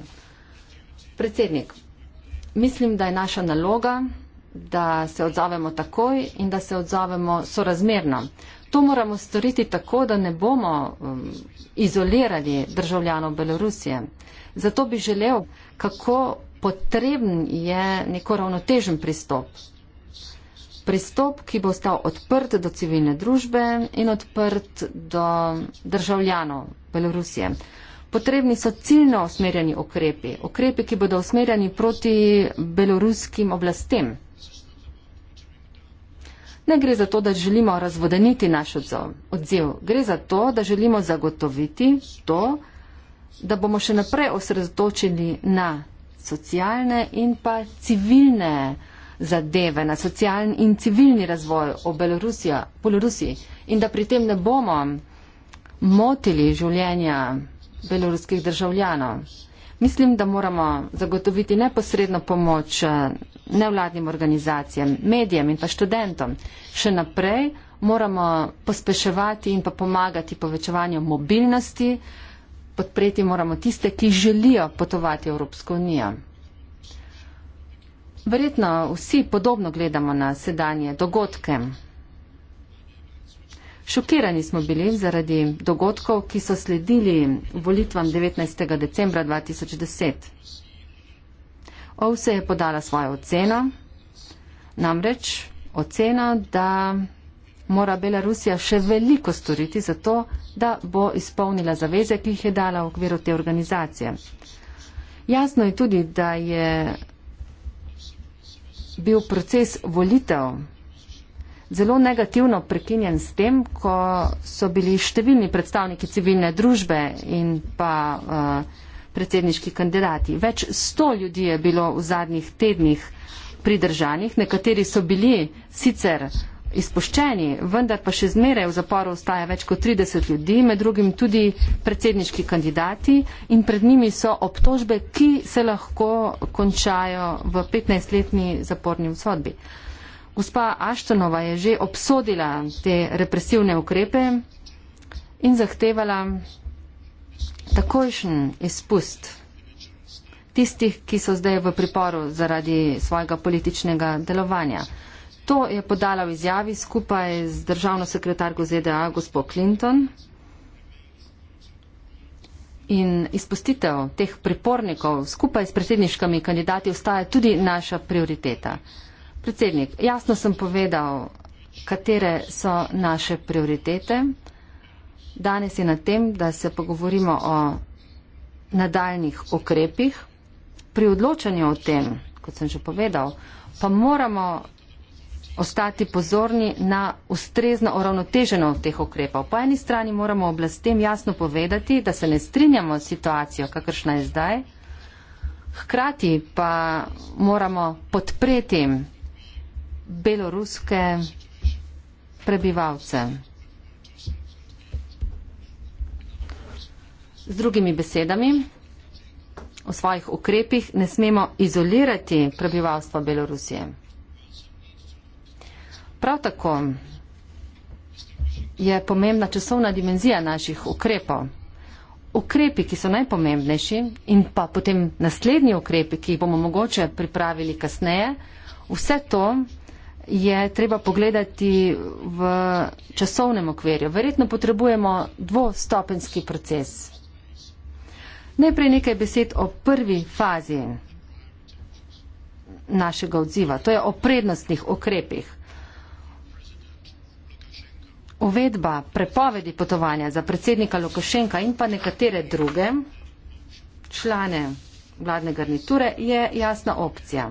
Predsednik, mislim, da je naša naloga, da se odzovemo takoj in da se odzovemo sorazmerno. To moramo storiti tako, da ne bomo um, izolirali državljanov Belorusije. Zato bi želel, kako potreben je neko ravnotežen pristop. Pristop, ki bo stal odprt do civilne družbe in odprt do državljanov Belorusije. Potrebni so ciljno usmerjeni ukrepi, ukrepi, ki bodo usmerjeni proti beloruskim oblastem. Ne gre za to, da želimo razvodeniti naš odziv. Gre za to, da želimo zagotoviti to, da bomo še naprej osredotočeni na socialne in pa civilne zadeve, na socialni in civilni razvoj v Belorusiji in da pri tem ne bomo motili življenja beloruskih državljanov. Mislim, da moramo zagotoviti neposredno pomoč eh, nevladnim organizacijam, medijem in pa študentom. Še naprej moramo pospeševati in pa pomagati povečevanju mobilnosti, podpreti moramo tiste, ki želijo potovati Evropsko unijo. Verjetno vsi podobno gledamo na sedanje dogodke. Šokirani smo bili zaradi dogodkov, ki so sledili volitvam 19. decembra 2010. OVSE je podala svojo oceno, namreč oceno, da mora Belarusija še veliko storiti za to, da bo izpolnila zaveze, ki jih je dala v okviru te organizacije. Jasno je tudi, da je bil proces volitev zelo negativno prekinjen s tem, ko so bili številni predstavniki civilne družbe in pa uh, predsedniški kandidati. Več sto ljudi je bilo v zadnjih tednih pridržanih, nekateri so bili sicer izpuščeni, vendar pa še zmeraj v zaporu ostaja več kot 30 ljudi, med drugim tudi predsedniški kandidati in pred njimi so obtožbe, ki se lahko končajo v 15-letni zaporni vsodbi. Gospa Aštonova je že obsodila te represivne ukrepe in zahtevala takojšen izpust tistih, ki so zdaj v priporu zaradi svojega političnega delovanja. To je podala v izjavi skupaj z državno sekretarko ZDA, gospo Clinton. In izpustitev teh pripornikov skupaj s predsedniškimi kandidati ostaja tudi naša prioriteta. Predsednik, jasno sem povedal, katere so naše prioritete. Danes je na tem, da se pogovorimo o nadaljnih ukrepih. Pri odločanju o tem, kot sem že povedal, pa moramo ostati pozorni na ustrezno uravnoteženo teh ukrepov. Po eni strani moramo oblastem jasno povedati, da se ne strinjamo s situacijo, kakršna je zdaj, hkrati pa moramo podpreti beloruske prebivalce. Z drugimi besedami, o svojih ukrepih ne smemo izolirati prebivalstva Belorusije. Prav tako je pomembna časovna dimenzija naših ukrepov. Ukrepi, ki so najpomembnejši in pa potem naslednji ukrepi, ki jih bomo mogoče pripravili kasneje, vse to je treba pogledati v časovnem okvirju. Verjetno potrebujemo dvostopenski proces. Najprej nekaj besed o prvi fazi našega odziva, to je o prednostnih ukrepih. Uvedba prepovedi potovanja za predsednika Lukašenka in pa nekatere druge člane vladne garniture je jasna opcija.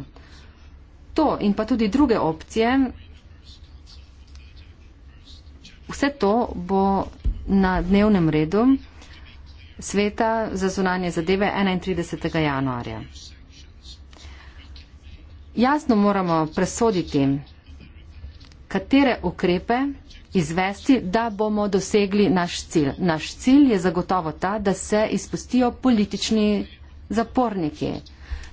To in pa tudi druge opcije, vse to bo na dnevnem redu sveta za zunanje zadeve 31. januarja. Jasno moramo presoditi, katere ukrepe izvesti, da bomo dosegli naš cilj. Naš cilj je zagotovo ta, da se izpustijo politični zaporniki.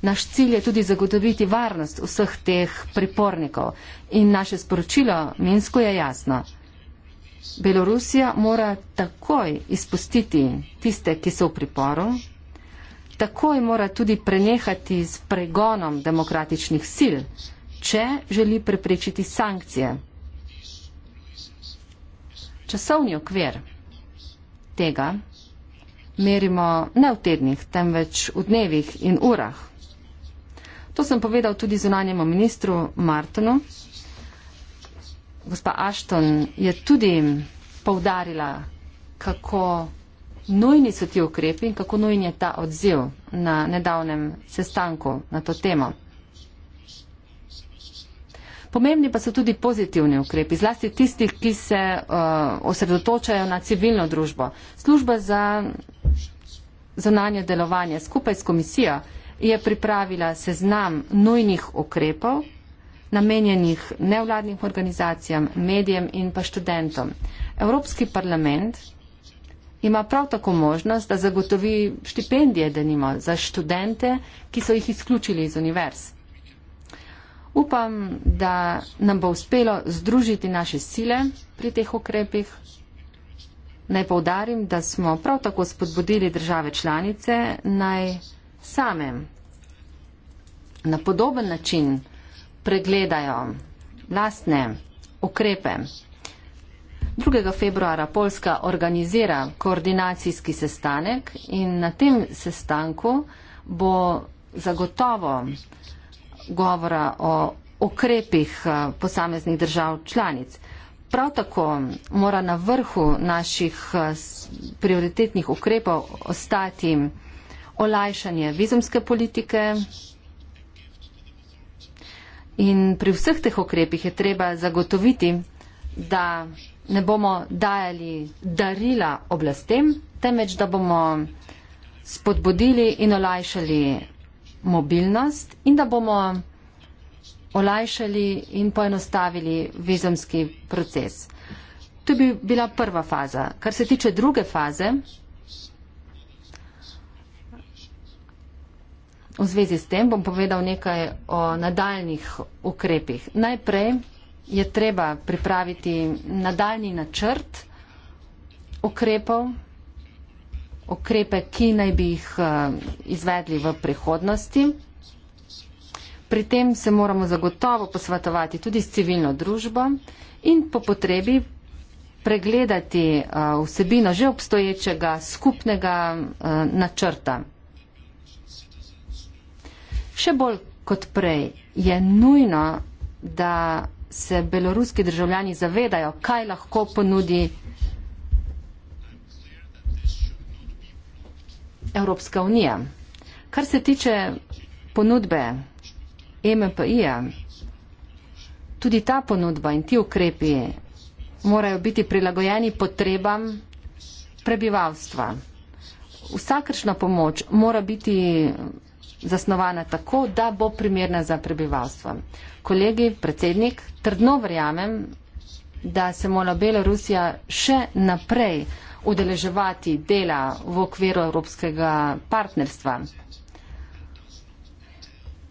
Naš cilj je tudi zagotoviti varnost vseh teh pripornikov. In naše sporočilo Minsko je jasno. Belorusija mora takoj izpustiti tiste, ki so v priporu, takoj mora tudi prenehati s pregonom demokratičnih sil, če želi preprečiti sankcije časovni okvir tega merimo ne v tednih, temveč v dnevih in urah. To sem povedal tudi zunanjemu ministru Martonu. Gospa Ashton je tudi povdarila, kako nujni so ti ukrepi in kako nujen je ta odziv na nedavnem sestanku na to temo. Pomembni pa so tudi pozitivni ukrepi, zlasti tisti, ki se uh, osredotočajo na civilno družbo. Služba za zonanje delovanje skupaj s komisijo je pripravila seznam nujnih ukrepov, namenjenih nevladnim organizacijam, medijem in pa študentom. Evropski parlament ima prav tako možnost, da zagotovi štipendije, da nimo, za študente, ki so jih izključili iz univerz. Upam, da nam bo uspelo združiti naše sile pri teh ukrepih. Naj povdarim, da smo prav tako spodbudili države članice naj same na podoben način pregledajo lastne ukrepe. 2. februara Poljska organizira koordinacijski sestanek in na tem sestanku bo zagotovo govora o okrepih eh, posameznih držav članic. Prav tako mora na vrhu naših eh, prioritetnih ukrepov ostati olajšanje vizumske politike in pri vseh teh okrepih je treba zagotoviti, da ne bomo dajali darila oblastem, temveč da bomo spodbudili in olajšali mobilnost in da bomo olajšali in poenostavili vizumski proces. To bi bila prva faza. Kar se tiče druge faze, v zvezi s tem bom povedal nekaj o nadaljnih ukrepih. Najprej je treba pripraviti nadaljni načrt ukrepov, okrepe, ki naj bi jih eh, izvedli v prihodnosti. Pri tem se moramo zagotovo posvetovati tudi s civilno družbo in po potrebi pregledati eh, vsebino že obstoječega skupnega eh, načrta. Še bolj kot prej je nujno, da se beloruski državljani zavedajo, kaj lahko ponudi Evropska unija. Kar se tiče ponudbe MPI-ja, tudi ta ponudba in ti ukrepi morajo biti prilagojeni potrebam prebivalstva. Vsakršna pomoč mora biti zasnovana tako, da bo primerna za prebivalstvo. Kolegi, predsednik, trdno verjamem, da se mora Belorusija še naprej udeleževati dela v okviru evropskega partnerstva.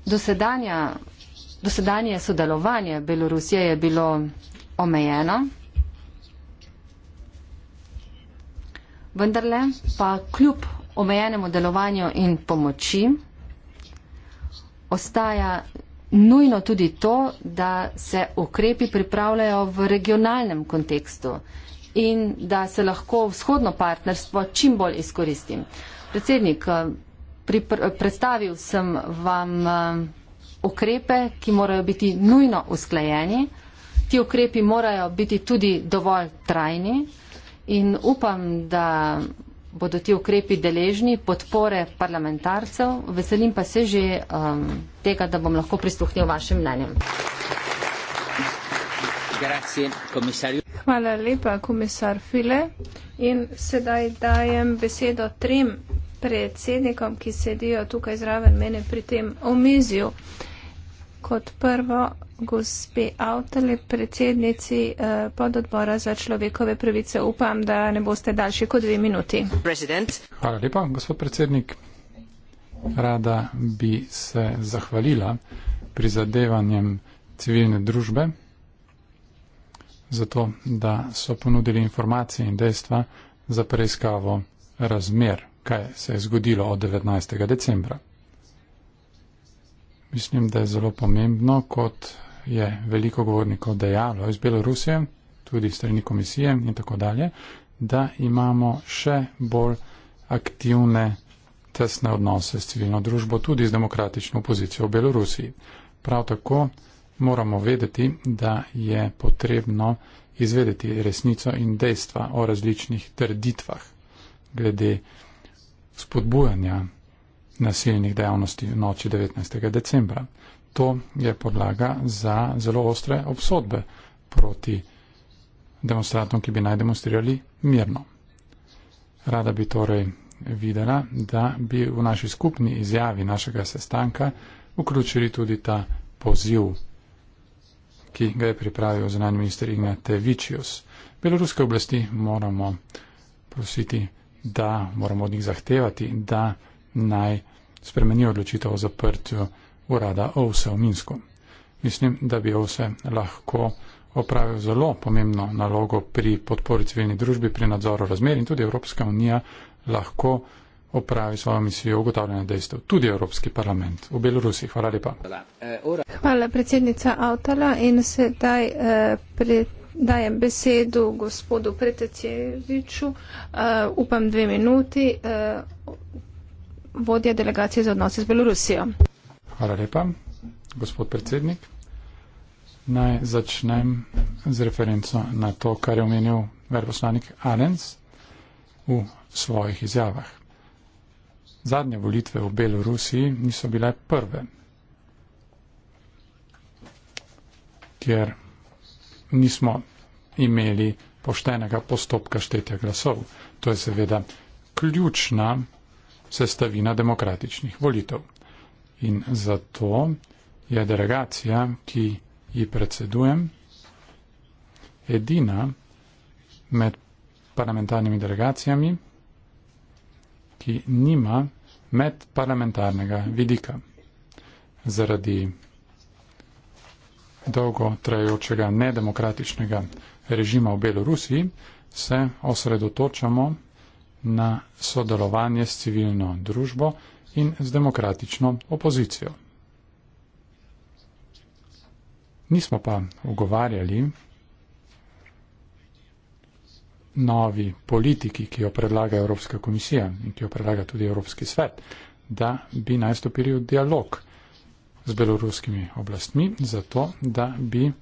Dosedanja, dosedanje sodelovanje Belorusije je bilo omejeno, vendarle pa kljub omejenemu delovanju in pomoči ostaja nujno tudi to, da se ukrepi pripravljajo v regionalnem kontekstu in da se lahko vzhodno partnerstvo čim bolj izkoristi. Predsednik, eh, predstavil sem vam eh, ukrepe, ki morajo biti nujno usklajeni. Ti ukrepi morajo biti tudi dovolj trajni in upam, da bodo ti ukrepi deležni podpore parlamentarcev. Veselim pa se že um, tega, da bom lahko prisluhnil vašem mnenjem. Hvala lepa, komisar File. In sedaj dajem besedo trem predsednikom, ki sedijo tukaj zraven mene pri tem omizju. Kot prvo, gospe Avtale, predsednici eh, pododbora za človekove pravice, upam, da ne boste daljši kot dve minuti. President. Hvala lepa, gospod predsednik. Rada bi se zahvalila prizadevanjem civilne družbe zato, da so ponudili informacije in dejstva za preiskavo razmer, kaj se je zgodilo od 19. decembra. Mislim, da je zelo pomembno, kot je veliko govornikov dejalo iz Belorusije, tudi strani komisije in tako dalje, da imamo še bolj aktivne tesne odnose s civilno družbo, tudi z demokratično opozicijo v Belorusiji. Prav tako moramo vedeti, da je potrebno izvedeti resnico in dejstva o različnih trditvah glede spodbujanja nasilnih dejavnosti v noči 19. decembra. To je podlaga za zelo ostre obsodbe proti demonstrantom, ki bi naj demonstrirali mirno. Rada bi torej videla, da bi v naši skupni izjavi našega sestanka vključili tudi ta poziv ki ga je pripravil zunanji minister Ignate Vičius. Beloruske oblasti moramo prositi, da moramo od njih zahtevati, da naj spremenijo odločitev o zaprtju urada OVSE v Minsku. Mislim, da bi OVSE lahko opravil zelo pomembno nalogo pri podpori civilni družbi, pri nadzoru razmer in tudi Evropska unija lahko opravi svojo misijo ugotavljanja dejstev. Tudi Evropski parlament v Belorusiji. Hvala lepa. Hvala predsednica Avtala in sedaj eh, pred. Dajem besedo gospodu Preteceviču, uh, eh, upam dve minuti, uh, vodja delegacije za odnose z Belorusijo. Hvala lepa, gospod predsednik. Naj začnem z referenco na to, kar je omenil verboslanik Arens v svojih izjavah. Zadnje volitve v Belorusiji niso bile prve, ker nismo imeli poštenega postopka štetja glasov. To je seveda ključna sestavina demokratičnih volitev. In zato je delegacija, ki ji predsedujem, edina med parlamentarnimi delegacijami, ki nima medparlamentarnega vidika zaradi dolgo trajajočega nedemokratičnega režima v Belorusiji se osredotočamo na sodelovanje s civilno družbo in z demokratično opozicijo. Nismo pa ugovarjali novi politiki, ki jo predlaga Evropska komisija in ki jo predlaga tudi Evropski svet, da bi najstopili v dialog z beloruskimi oblastmi, zato da bi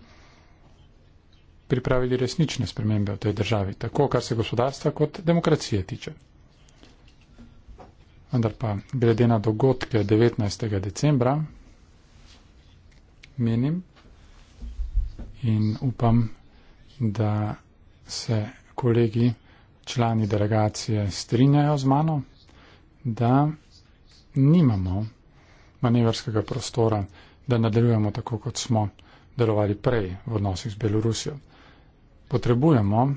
pripravili resnične spremembe v tej državi, tako kar se gospodarstva kot demokracije tiče. Vendar pa glede na dogodke 19. decembra, menim in upam, da se kolegi člani delegacije strinjajo z mano, da nimamo manevrskega prostora, da nadaljujemo tako, kot smo delovali prej v odnosih z Belorusijo. Potrebujemo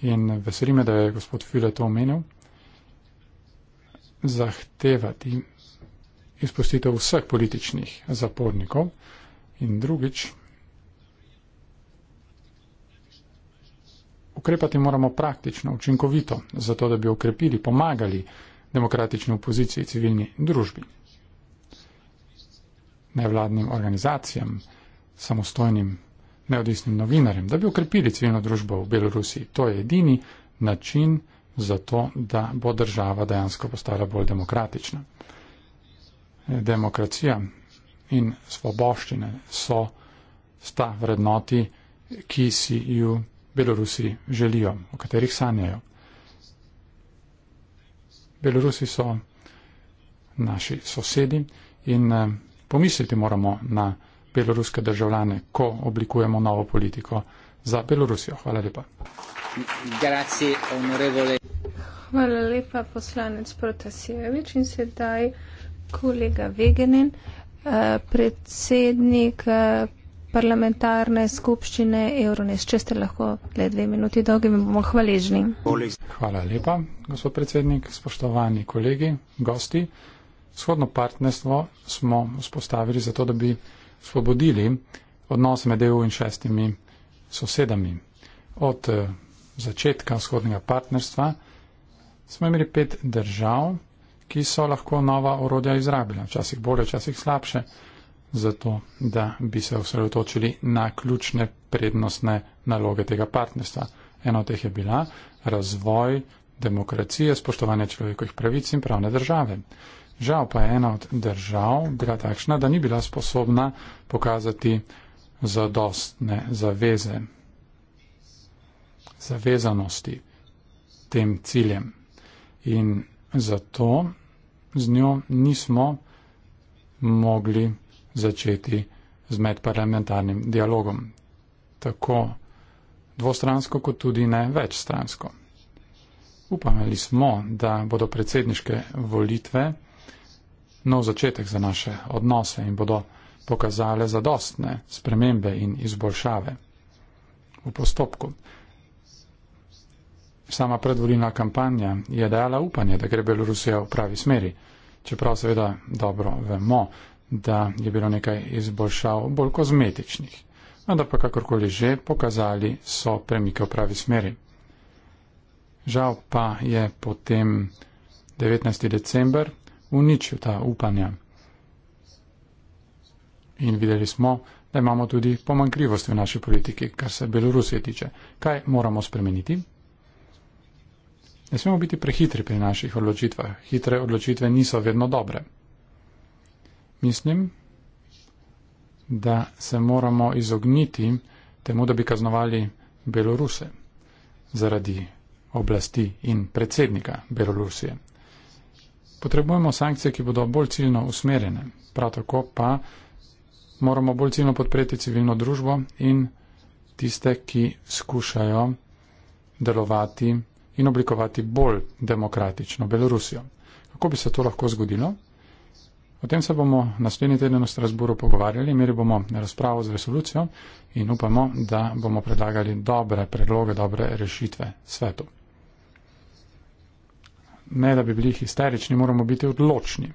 in veselime, da je gospod File to omenil, zahtevati izpustitev vseh političnih zapornikov in drugič Ukrepati moramo praktično, učinkovito, zato da bi ukrepili, pomagali demokratični opoziciji, civilni družbi, nevladnim organizacijam, samostojnim, neodvisnim novinarjem, da bi ukrepili civilno družbo v Belorusiji. To je edini način za to, da bo država dejansko postala bolj demokratična. Demokracija in svoboščine so sta vrednoti, ki si ju Belorusi želijo, o katerih sanjajo. Belorusi so naši sosedi in eh, pomisliti moramo na beloruske državljane, ko oblikujemo novo politiko za Belorusijo. Hvala lepa. Hvala lepa, poslanec Protasijevič in sedaj kolega Vegenen, eh, predsednik eh, parlamentarne skupščine Euronest. Če ste lahko le dve minuti dolgi, mi bomo hvaležni. Hvala lepa, gospod predsednik, spoštovani kolegi, gosti. Vzhodno partnerstvo smo vzpostavili zato, da bi spobodili odnose med EU in šestimi sosedami. Od eh, začetka vzhodnega partnerstva smo imeli pet držav, ki so lahko nova orodja izrabila, včasih bolje, včasih slabše zato da bi se osredotočili na ključne prednostne naloge tega partnerstva. Eno od teh je bila razvoj demokracije, spoštovanje človekovih pravic in pravne države. Žal pa je ena od držav bila takšna, da ni bila sposobna pokazati zadostne zaveze, zavezanosti tem ciljem. In zato z njo nismo mogli začeti z medparlamentarnim dialogom. Tako dvostransko, kot tudi ne večstransko. Upamali smo, da bodo predsedniške volitve nov začetek za naše odnose in bodo pokazale zadostne spremembe in izboljšave v postopku. Sama predvolilna kampanja je dajala upanje, da gre Belorusija v pravi smeri, čeprav seveda dobro vemo, da je bilo nekaj izboljšav bolj kozmetičnih, vendar pa kakorkoli že pokazali so premike v pravi smeri. Žal pa je potem 19. december uničil ta upanja. In videli smo, da imamo tudi pomankljivosti v naši politiki, kar se Belorusije tiče. Kaj moramo spremeniti? Ne smemo biti prehitri pri naših odločitvah. Hitre odločitve niso vedno dobre. Mislim, da se moramo izogniti temu, da bi kaznovali Beloruse zaradi oblasti in predsednika Belorusije. Potrebujemo sankcije, ki bodo bolj ciljno usmerjene. Prav tako pa moramo bolj ciljno podpreti civilno družbo in tiste, ki skušajo delovati in oblikovati bolj demokratično Belorusijo. Kako bi se to lahko zgodilo? O tem se bomo naslednji teden v Strasburu pogovarjali, imeli bomo razpravo z resolucijo in upamo, da bomo predlagali dobre predloge, dobre rešitve svetu. Ne, da bi bili histerični, moramo biti odločni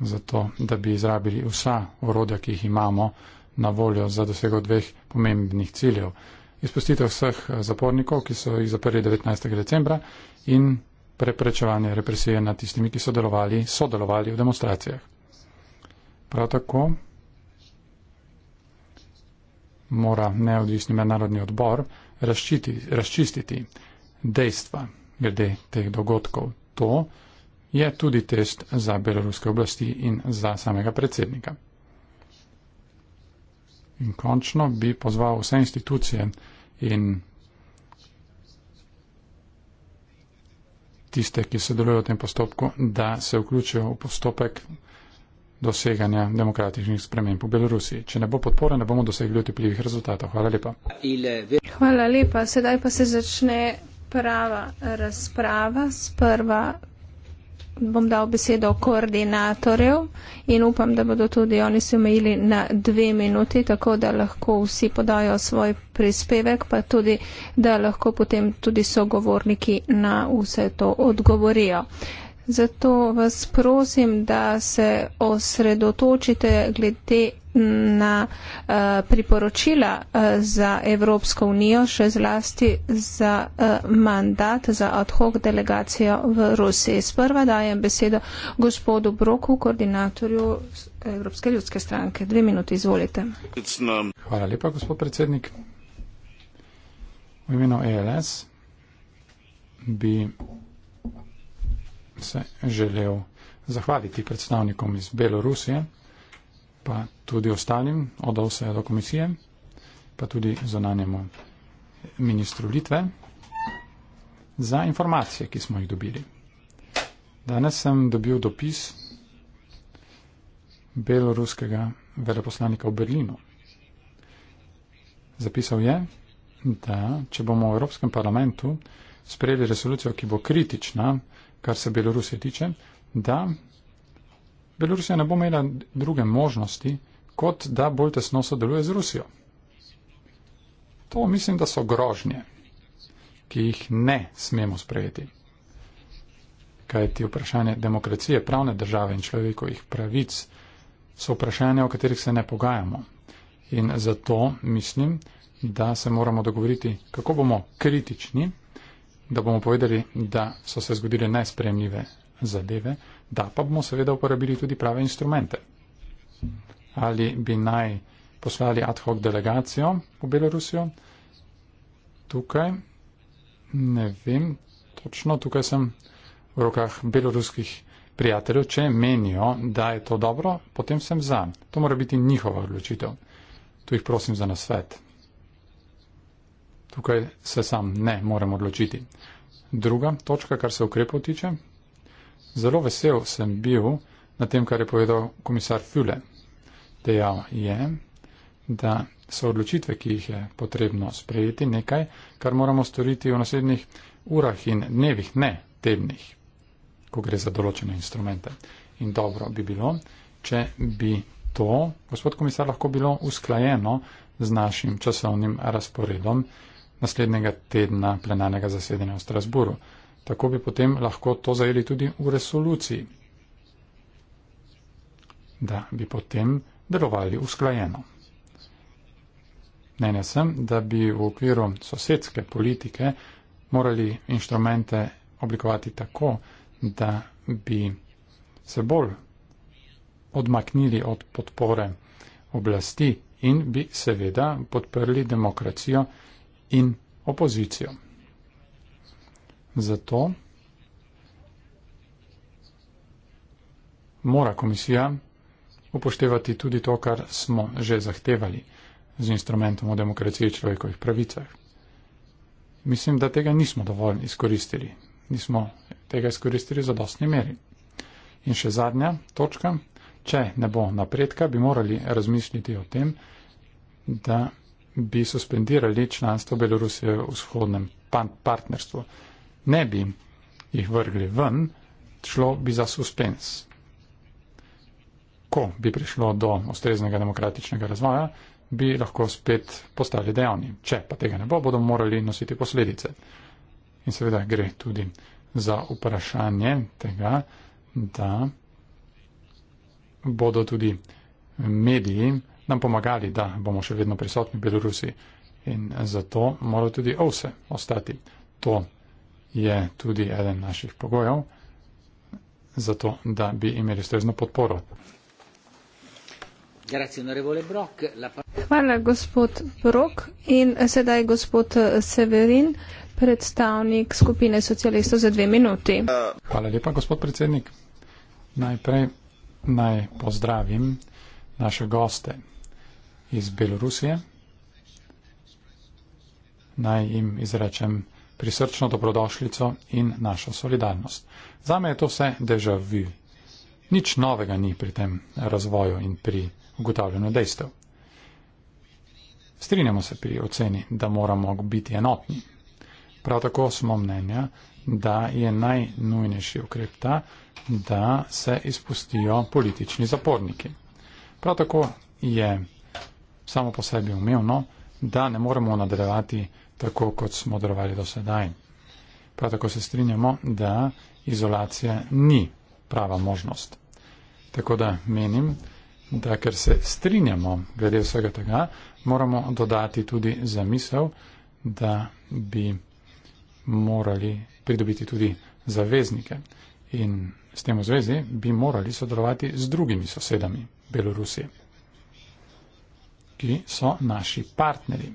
za to, da bi izrabili vsa orodja, ki jih imamo na voljo za dosego dveh pomembnih ciljev. Izpustitev vseh zapornikov, ki so jih zaprli 19. decembra in preprečevanje represije nad tistimi, ki so delovali, sodelovali v demonstracijah. Prav tako mora neodvisni mednarodni odbor razčiti, razčistiti dejstva glede teh dogodkov. To je tudi test za beloruske oblasti in za samega predsednika. In končno bi pozval vse institucije in tiste, ki se delujejo v tem postopku, da se vključijo v postopek doseganja demokratičnih sprememb v Belorusiji. Če ne bo podpore, ne bomo dosegli utepljivih rezultatov. Hvala lepa. Hvala lepa. Sedaj pa se začne prava razprava. Sprva bom dal besedo koordinatorjev in upam, da bodo tudi oni se omejili na dve minuti, tako da lahko vsi podajo svoj prispevek, pa tudi, da lahko potem tudi sogovorniki na vse to odgovorijo. Zato vas prosim, da se osredotočite glede na uh, priporočila uh, za Evropsko unijo, še zlasti za uh, mandat za ad hoc delegacijo v Rusiji. Sprva dajem besedo gospodu Broku, koordinatorju Evropske ljudske stranke. Dve minuti, izvolite. Hvala lepa, gospod predsednik. V imenu ELS bi se želel zahvaliti predstavnikom iz Belorusije pa tudi ostalim, odal se je do komisije, pa tudi zonanjemu ministru Litve za informacije, ki smo jih dobili. Danes sem dobil dopis beloruskega veleposlanika v Berlinu. Zapisal je, da če bomo v Evropskem parlamentu sprejeli resolucijo, ki bo kritična, kar se Belorusije tiče, da Belorusija ne bo imela druge možnosti, kot da bolj tesno sodeluje z Rusijo. To mislim, da so grožnje, ki jih ne smemo sprejeti. Kaj ti vprašanje demokracije, pravne države in človekovih pravic so vprašanja, o katerih se ne pogajamo. In zato mislim, da se moramo dogovoriti, kako bomo kritični, da bomo povedali, da so se zgodile nespremljive zadeve da pa bomo seveda uporabili tudi prave instrumente. Ali bi naj poslali ad hoc delegacijo v Belorusijo? Tukaj ne vem, točno tukaj sem v rokah beloruskih prijateljev. Če menijo, da je to dobro, potem sem za. To mora biti njihova odločitev. Tu jih prosim za nasvet. Tukaj se sam ne morem odločiti. Druga točka, kar se ukrepov tiče, Zelo vesel sem bil na tem, kar je povedal komisar Füle. Dejal je, da so odločitve, ki jih je potrebno sprejeti, nekaj, kar moramo storiti v naslednjih urah in dnevih, ne tednih, ko gre za določene instrumente. In dobro bi bilo, če bi to, gospod komisar, lahko bilo usklajeno z našim časovnim razporedom naslednjega tedna plenarnega zasedanja v Strasburu. Tako bi potem lahko to zajeli tudi v resoluciji, da bi potem delovali usklajeno. Mnenja sem, da bi v okviru sosedske politike morali inštrumente oblikovati tako, da bi se bolj odmaknili od podpore oblasti in bi seveda podprli demokracijo in opozicijo. Zato mora komisija upoštevati tudi to, kar smo že zahtevali z instrumentom o demokraciji in človekovih pravicah. Mislim, da tega nismo dovolj izkoristili. Nismo tega izkoristili za dostni meri. In še zadnja točka. Če ne bo napredka, bi morali razmisliti o tem, da bi suspendirali članstvo Belorusije v vzhodnem partnerstvu ne bi jih vrgli ven, šlo bi za suspens. Ko bi prišlo do ustreznega demokratičnega razvoja, bi lahko spet postali dejavni. Če pa tega ne bo, bodo morali nositi posledice. In seveda gre tudi za vprašanje tega, da bodo tudi mediji nam pomagali, da bomo še vedno prisotni v Belorusi. In zato mora tudi OVSE ostati. To je tudi eden naših pogojev, zato da bi imeli strezno podporo. Hvala, gospod Brok. In sedaj gospod Severin, predstavnik skupine socialistov za dve minuti. Hvala lepa, gospod predsednik. Najprej naj pozdravim naše goste iz Belorusije. Naj jim izrečem prisrčno dobrodošljico in našo solidarnost. Za me je to vse deja vu. Nič novega ni pri tem razvoju in pri ugotavljanju dejstev. Strinjamo se pri oceni, da moramo biti enotni. Prav tako smo mnenja, da je najnujnejši ukrep ta, da se izpustijo politični zaporniki. Prav tako je samo po sebi umevno, da ne moremo nadaljevati tako kot smo drvali do sedaj. Prav tako se strinjamo, da izolacija ni prava možnost. Tako da menim, da ker se strinjamo glede vsega tega, moramo dodati tudi zamisel, da bi morali pridobiti tudi zaveznike in s tem v zvezi bi morali sodelovati z drugimi sosedami Belorusije, ki so naši partnerji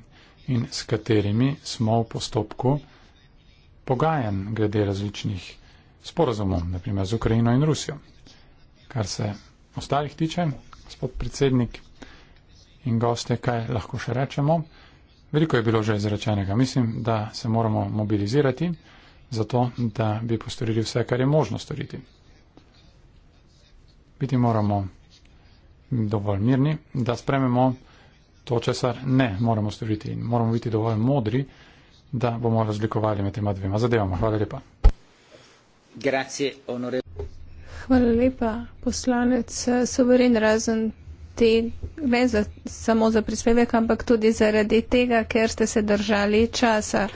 in s katerimi smo v postopku pogajanj glede različnih sporozumov, naprimer z Ukrajino in Rusijo. Kar se ostalih tiče, gospod predsednik in goste, kaj lahko še rečemo. Veliko je bilo že izrečenega. Mislim, da se moramo mobilizirati zato, da bi postorili vse, kar je možno storiti. Biti moramo dovolj mirni, da sprememo to, česar ne moramo storiti in moramo biti dovolj modri, da bomo razlikovali med tema dvema zadevama. Hvala lepa. Grazie, Hvala lepa, poslanec Soveren, razen te, ne za, samo za prispevek, ampak tudi zaradi tega, ker ste se držali časa.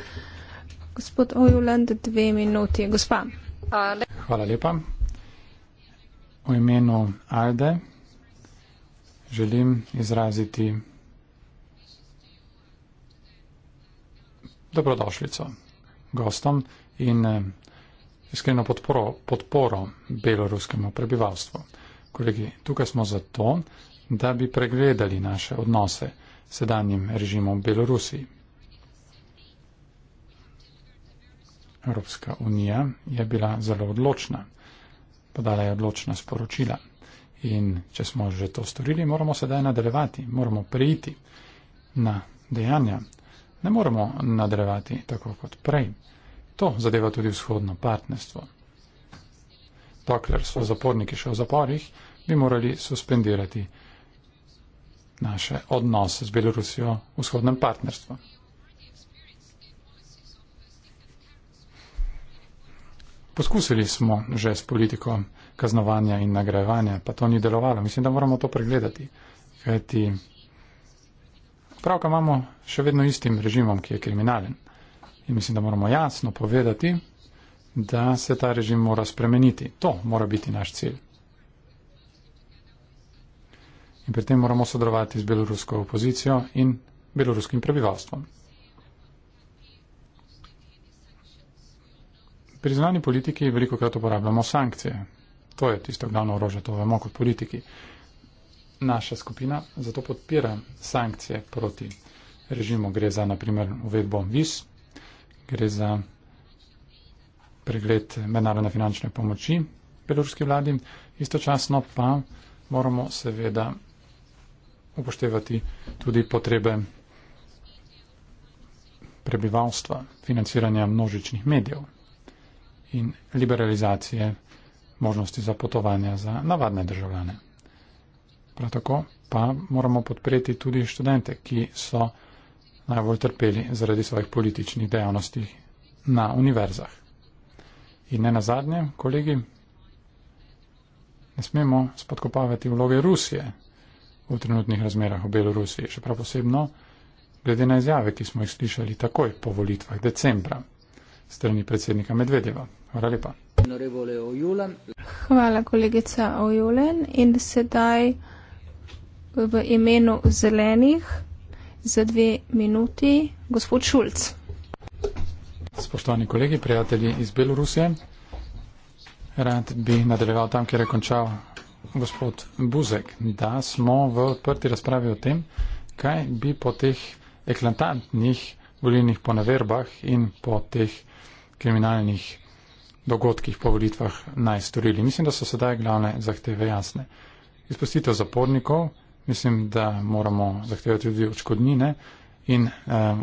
Gospod Ojuland, dve minuti. Gospa. Hvala lepa. V imenu Alde želim izraziti dobrodošlico gostom in eh, iskreno podporo, podporo beloruskemu prebivalstvu. Kolegi, tukaj smo zato, da bi pregledali naše odnose s sedanjim režimom v Belorusiji. Evropska unija je bila zelo odločna, podala je odločna sporočila. In če smo že to storili, moramo sedaj nadaljevati, moramo prijeti na dejanja, ne moremo nadrevati tako kot prej. To zadeva tudi vzhodno partnerstvo. Dokler so zaporniki še v zaporih, bi morali suspendirati naše odnose z Belorusijo v vzhodnem partnerstvu. Poskusili smo že s politiko kaznovanja in nagrajevanja, pa to ni delovalo. Mislim, da moramo to pregledati, kajti opravka imamo še vedno istim režimom, ki je kriminalen. In mislim, da moramo jasno povedati, da se ta režim mora spremeniti. To mora biti naš cilj. In pri tem moramo sodelovati z belorusko opozicijo in beloruskim prebivalstvom. Pri zunanji politiki veliko krat uporabljamo sankcije. To je tisto glavno orožje, to vemo kot politiki naša skupina zato podpira sankcije proti režimu. Gre za naprimer uvedbo viz, gre za pregled mednarodne finančne pomoči beloruski vladi, istočasno pa moramo seveda upoštevati tudi potrebe prebivalstva, financiranja množičnih medijev in liberalizacije možnosti za potovanja za navadne državljane. Prav tako pa moramo podpreti tudi študente, ki so najbolj trpeli zaradi svojih političnih dejavnosti na univerzah. In ne nazadnje, kolegi, ne smemo spodkopavati vloge Rusije v trenutnih razmerah v Belorusiji, še prav posebno glede na izjave, ki smo jih slišali takoj po volitvah decembra strani predsednika Medvedeva. Hvala lepa. Hvala, kolegica Ojulen. In sedaj v imenu zelenih za dve minuti gospod Šulc. Spoštovani kolegi, prijatelji iz Belorusije, rad bi nadaljeval tam, kjer je končal gospod Buzek, da smo v prti razpravi o tem, kaj bi po teh eklantantnih volilnih ponaverbah in po teh kriminalnih dogodkih po volitvah naj storili. Mislim, da so sedaj glavne zahteve jasne. Izpustitev zapornikov, mislim, da moramo zahtevati tudi očkodnine in eh,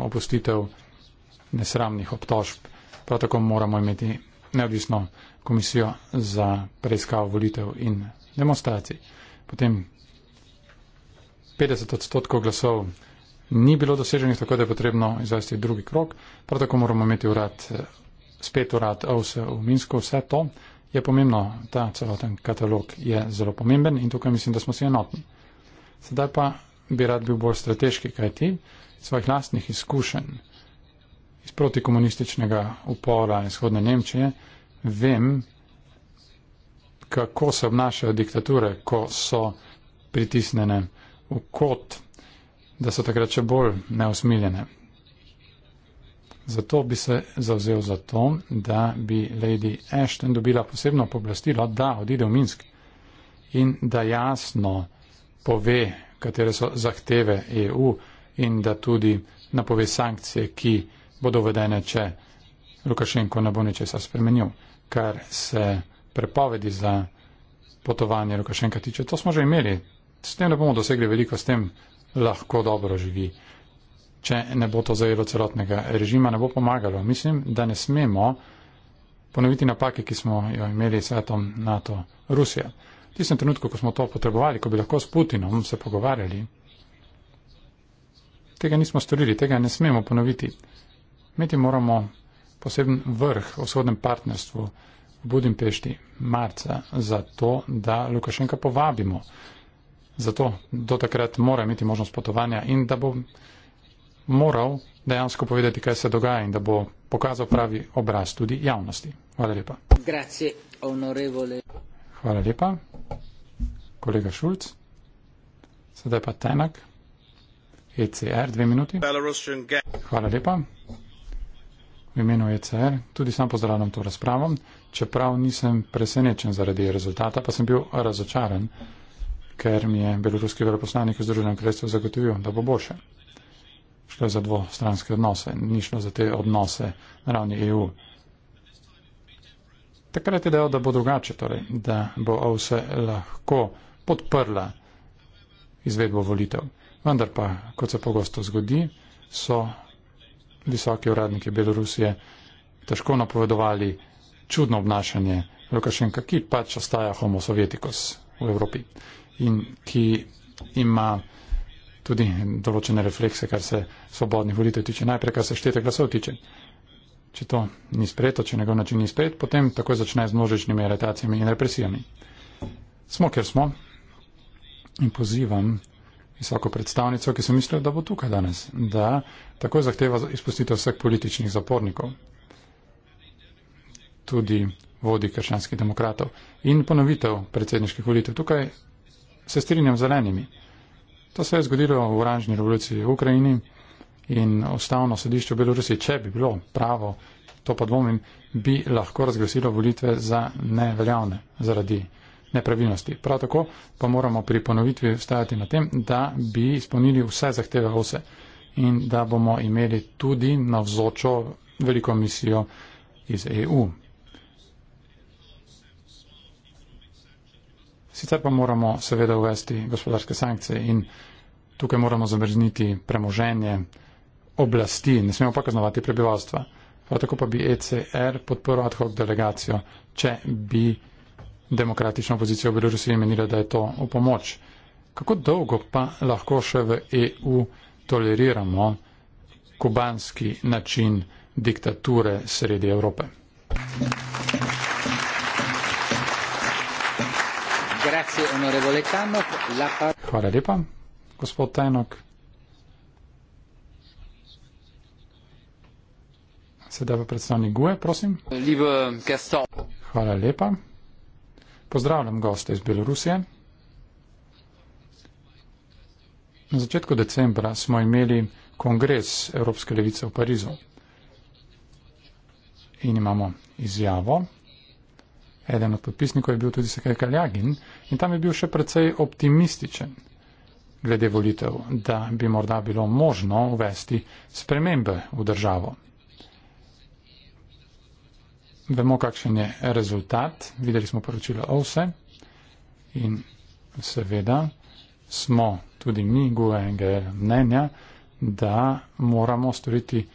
opustitev nesramnih obtožb. Prav tako moramo imeti neodvisno komisijo za preiskavo volitev in demonstracij. Potem 50 odstotkov glasov ni bilo doseženih, tako da je potrebno izvesti drugi krok. Prav tako moramo imeti urad, eh, spet urad OVSE v Minsku, vse to je pomembno, ta celoten katalog je zelo pomemben in tukaj mislim, da smo si enotni. Sedaj pa bi rad bil bolj strateški, kajti svojih lastnih izkušenj iz protikomunističnega upora in shodne Nemčije vem, kako se obnašajo diktature, ko so pritisnjene v kot, da so takrat še bolj neusmiljene. Zato bi se zavzel za to, da bi Lady Ashton dobila posebno poblastilo, da odide v Minsk in da jasno pove, katere so zahteve EU in da tudi napove sankcije, ki bodo uvedene, če Lukašenko ne bo ničesar spremenil, kar se prepovedi za potovanje Lukašenka tiče. To smo že imeli. S tem ne bomo dosegli veliko, s tem lahko dobro živi. Če ne bo to zajelo celotnega režima, ne bo pomagalo. Mislim, da ne smemo ponoviti napake, ki smo jo imeli s svetom NATO-Rusija tistem trenutku, ko smo to potrebovali, ko bi lahko s Putinom se pogovarjali. Tega nismo storili, tega ne smemo ponoviti. Imeti moramo poseben vrh o vzhodnem partnerstvu v Budimpešti marca za to, da Lukašenka povabimo. Zato do takrat mora imeti možnost potovanja in da bo moral dejansko povedati, kaj se dogaja in da bo pokazal pravi obraz tudi javnosti. Hvala lepa. Grazie, Hvala lepa kolega Šulc, sedaj pa Tenak, ECR, dve minuti. Hvala lepa. V imenu ECR tudi sam pozdravljam to razpravo, čeprav nisem presenečen zaradi rezultata, pa sem bil razočaran, ker mi je beloruski veleposlanik v Združenem kraljestvu zagotovil, da bo boljše. Šlo je za dvostranske odnose, ni šlo za te odnose na ravni EU. Takrat je dejal, da bo drugače, torej, da bo vse lahko podprla izvedbo volitev. Vendar pa, kot se pogosto zgodi, so visoki uradniki Belorusije težko napovedovali čudno obnašanje Lukašenka, ki pač ostaja homo sovjetikos v Evropi in ki ima tudi določene reflekse, kar se svobodnih volitev tiče. Najprej, kar se štete glasov tiče. Če to ni sprejeto, če njegov način ni sprejet, potem takoj začne z množičnimi aretacijami in represijami. Smo, ker smo in pozivam visoko predstavnico, ki sem mislil, da bo tukaj danes, da takoj zahteva izpustitev vseh političnih zapornikov, tudi vodi krščanskih demokratov in ponovitev predsedniških volitev. Tukaj se strinjam z zelenimi. To se je zgodilo v oranžni revoluciji v Ukrajini in ustavno sodišče v Belorusiji, če bi bilo pravo, to pa dvomim, bi lahko razglasilo volitve za neveljavne zaradi nepravilnosti. Prav tako pa moramo pri ponovitvi vstajati na tem, da bi izpolnili vse zahteve OSE in da bomo imeli tudi navzočo veliko misijo iz EU. Sicer pa moramo seveda uvesti gospodarske sankcije in tukaj moramo zamrzniti premoženje oblasti, ne smemo pa kaznovati prebivalstva. Prav tako pa bi ECR podporil ad hoc delegacijo, če bi demokratična opozicija v Belorusiji menila, da je to v pomoč. Kako dolgo pa lahko še v EU toleriramo kubanski način diktature sredi Evrope? Hvala lepa, gospod Tajnok. Sedaj pa predstavnik Gue, prosim. Hvala lepa. Pozdravljam goste iz Belorusije. Na začetku decembra smo imeli kongres Evropske levice v Parizu in imamo izjavo. Eden od podpisnikov je bil tudi sekretar Kaljagin in tam je bil še precej optimističen glede volitev, da bi morda bilo možno uvesti spremembe v državo vemo, kakšen je rezultat. Videli smo poročilo OVSE in seveda smo tudi mi, GUE in GE, mnenja, da moramo storiti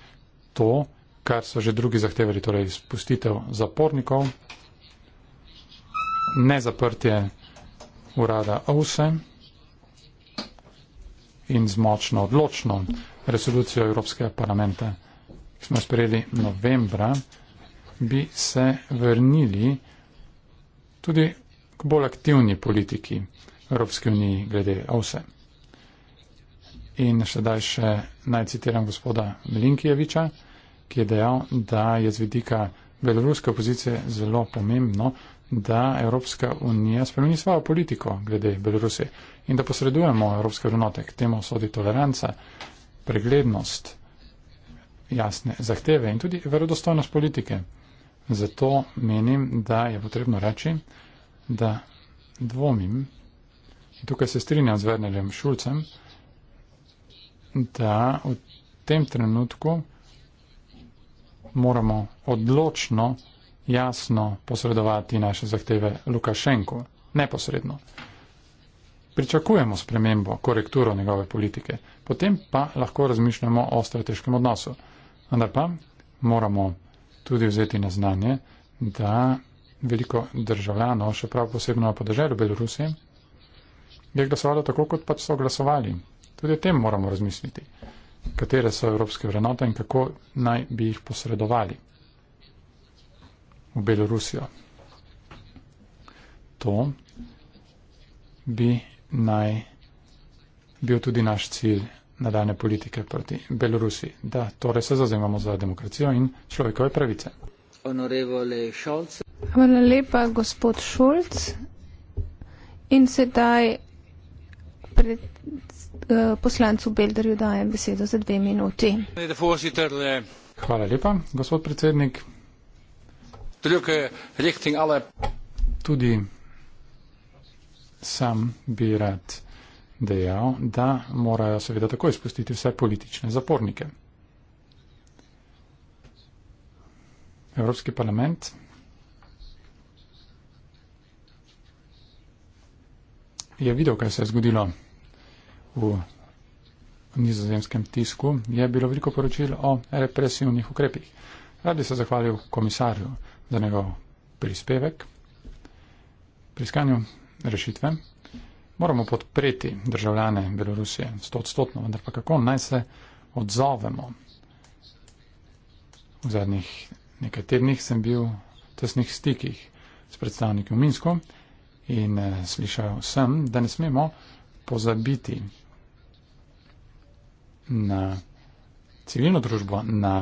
to, kar so že drugi zahtevali, torej izpustitev zapornikov, ne zaprtje urada OVSE in z močno odločno resolucijo Evropskega parlamenta, ki smo jo sprejeli novembra bi se vrnili tudi k bolj aktivni politiki Evropske unije glede OSE. In še daj še naj citiram gospoda Milinkijeviča, ki je dejal, da je z vidika beloruske opozicije zelo pomembno, da Evropska unija spremeni svojo politiko glede Belorusije in da posredujemo evropske vrednote, k temu sodi toleranca, preglednost, jasne zahteve in tudi verodostojnost politike. Zato menim, da je potrebno reči, da dvomim, in tukaj se strinjam z Vernerjem Šulcem, da v tem trenutku moramo odločno, jasno posredovati naše zahteve Lukašenku, neposredno. Pričakujemo spremembo, korekturo njegove politike, potem pa lahko razmišljamo o strateškem odnosu. Vendar pa moramo tudi vzeti na znanje, da veliko državljanov, še prav posebno na podeželju Belorusije, je glasovalo tako, kot pač so glasovali. Tudi o tem moramo razmisliti, katere so evropske vrednote in kako naj bi jih posredovali v Belorusijo. To bi naj bil tudi naš cilj nadaljne politike proti Belorusi, da torej se zazemamo za demokracijo in človekove pravice. Hvala lepa, gospod Šulc. In sedaj pred eh, poslancu Belderju dajem besedo za dve minuti. Hvala lepa, gospod predsednik. Tudi sam bi rad dejal, da morajo seveda tako izpustiti vse politične zapornike. Evropski parlament je videl, kaj se je zgodilo v nizozemskem tisku. Je bilo veliko poročil o represivnih ukrepih. Rad bi se zahvalil komisarju za njegov prispevek pri iskanju rešitve moramo podpreti državljane Belorusije, stotstotno, vendar pa kako naj se odzovemo. V zadnjih nekaj tednih sem bil v tesnih stikih s predstavniki v Minsko in eh, slišal sem, da ne smemo pozabiti na civilno družbo, na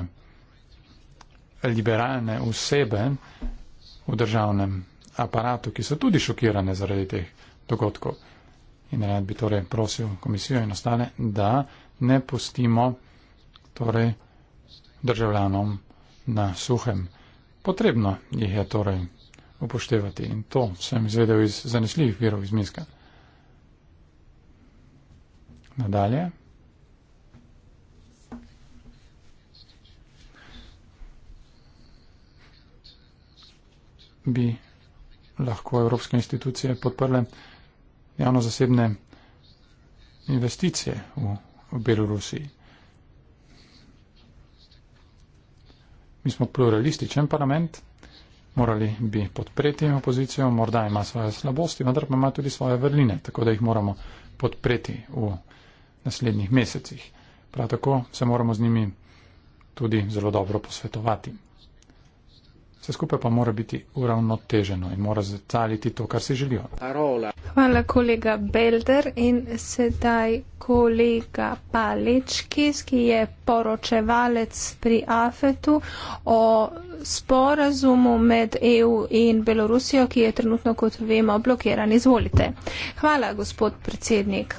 liberalne osebe v državnem aparatu, ki so tudi šokirane zaradi teh dogodkov. In rad bi torej prosil komisijo in ostale, da ne pustimo torej, državljanom na suhem. Potrebno jih je torej upoštevati in to sem izvedel iz zanesljivih virov iz Minska. Nadalje. bi lahko evropske institucije podprle javno-zasebne investicije v, v Belorusiji. Mi smo pluralističen parlament, morali bi podpreti opozicijo, morda ima svoje slabosti, vendar pa ima tudi svoje vrline, tako da jih moramo podpreti v naslednjih mesecih. Prav tako se moramo z njimi tudi zelo dobro posvetovati. Vse skupaj pa mora biti uravnoteženo in mora zrcaliti to, kar si želijo. Parola. Hvala, kolega Belder in sedaj kolega Palečkis, ki je poročevalec pri AFET-u o sporazumu med EU in Belorusijo, ki je trenutno, kot vemo, blokiran. Izvolite. Hvala, gospod predsednik.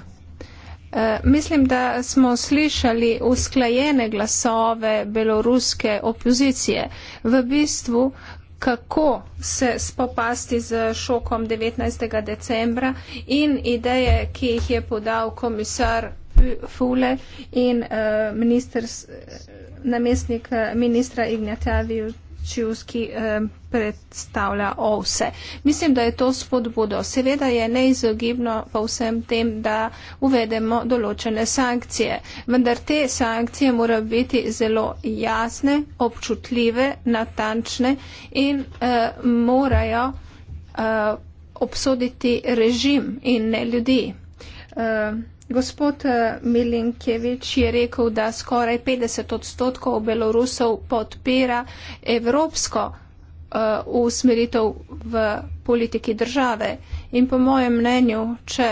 Eh, mislim, da smo slišali usklajene glasove beloruske opozicije. V bistvu, kako se spopasti z šokom 19. decembra in ideje, ki jih je podal komisar Fule in uh, namestnik eh, ministra Ignatavijo. Čus, ki um, eh, predstavlja ovse. Mislim, da je to spodbudo. Seveda je neizogibno pa vsem tem, da uvedemo določene sankcije. Vendar te sankcije morajo biti zelo jasne, občutljive, natančne in uh, morajo uh, obsoditi režim in ne ljudi. Uh, Gospod eh, Milinkevič je rekel, da skoraj 50 odstotkov Belorusov podpira evropsko uh, usmeritev v politiki države. In po mojem mnenju, če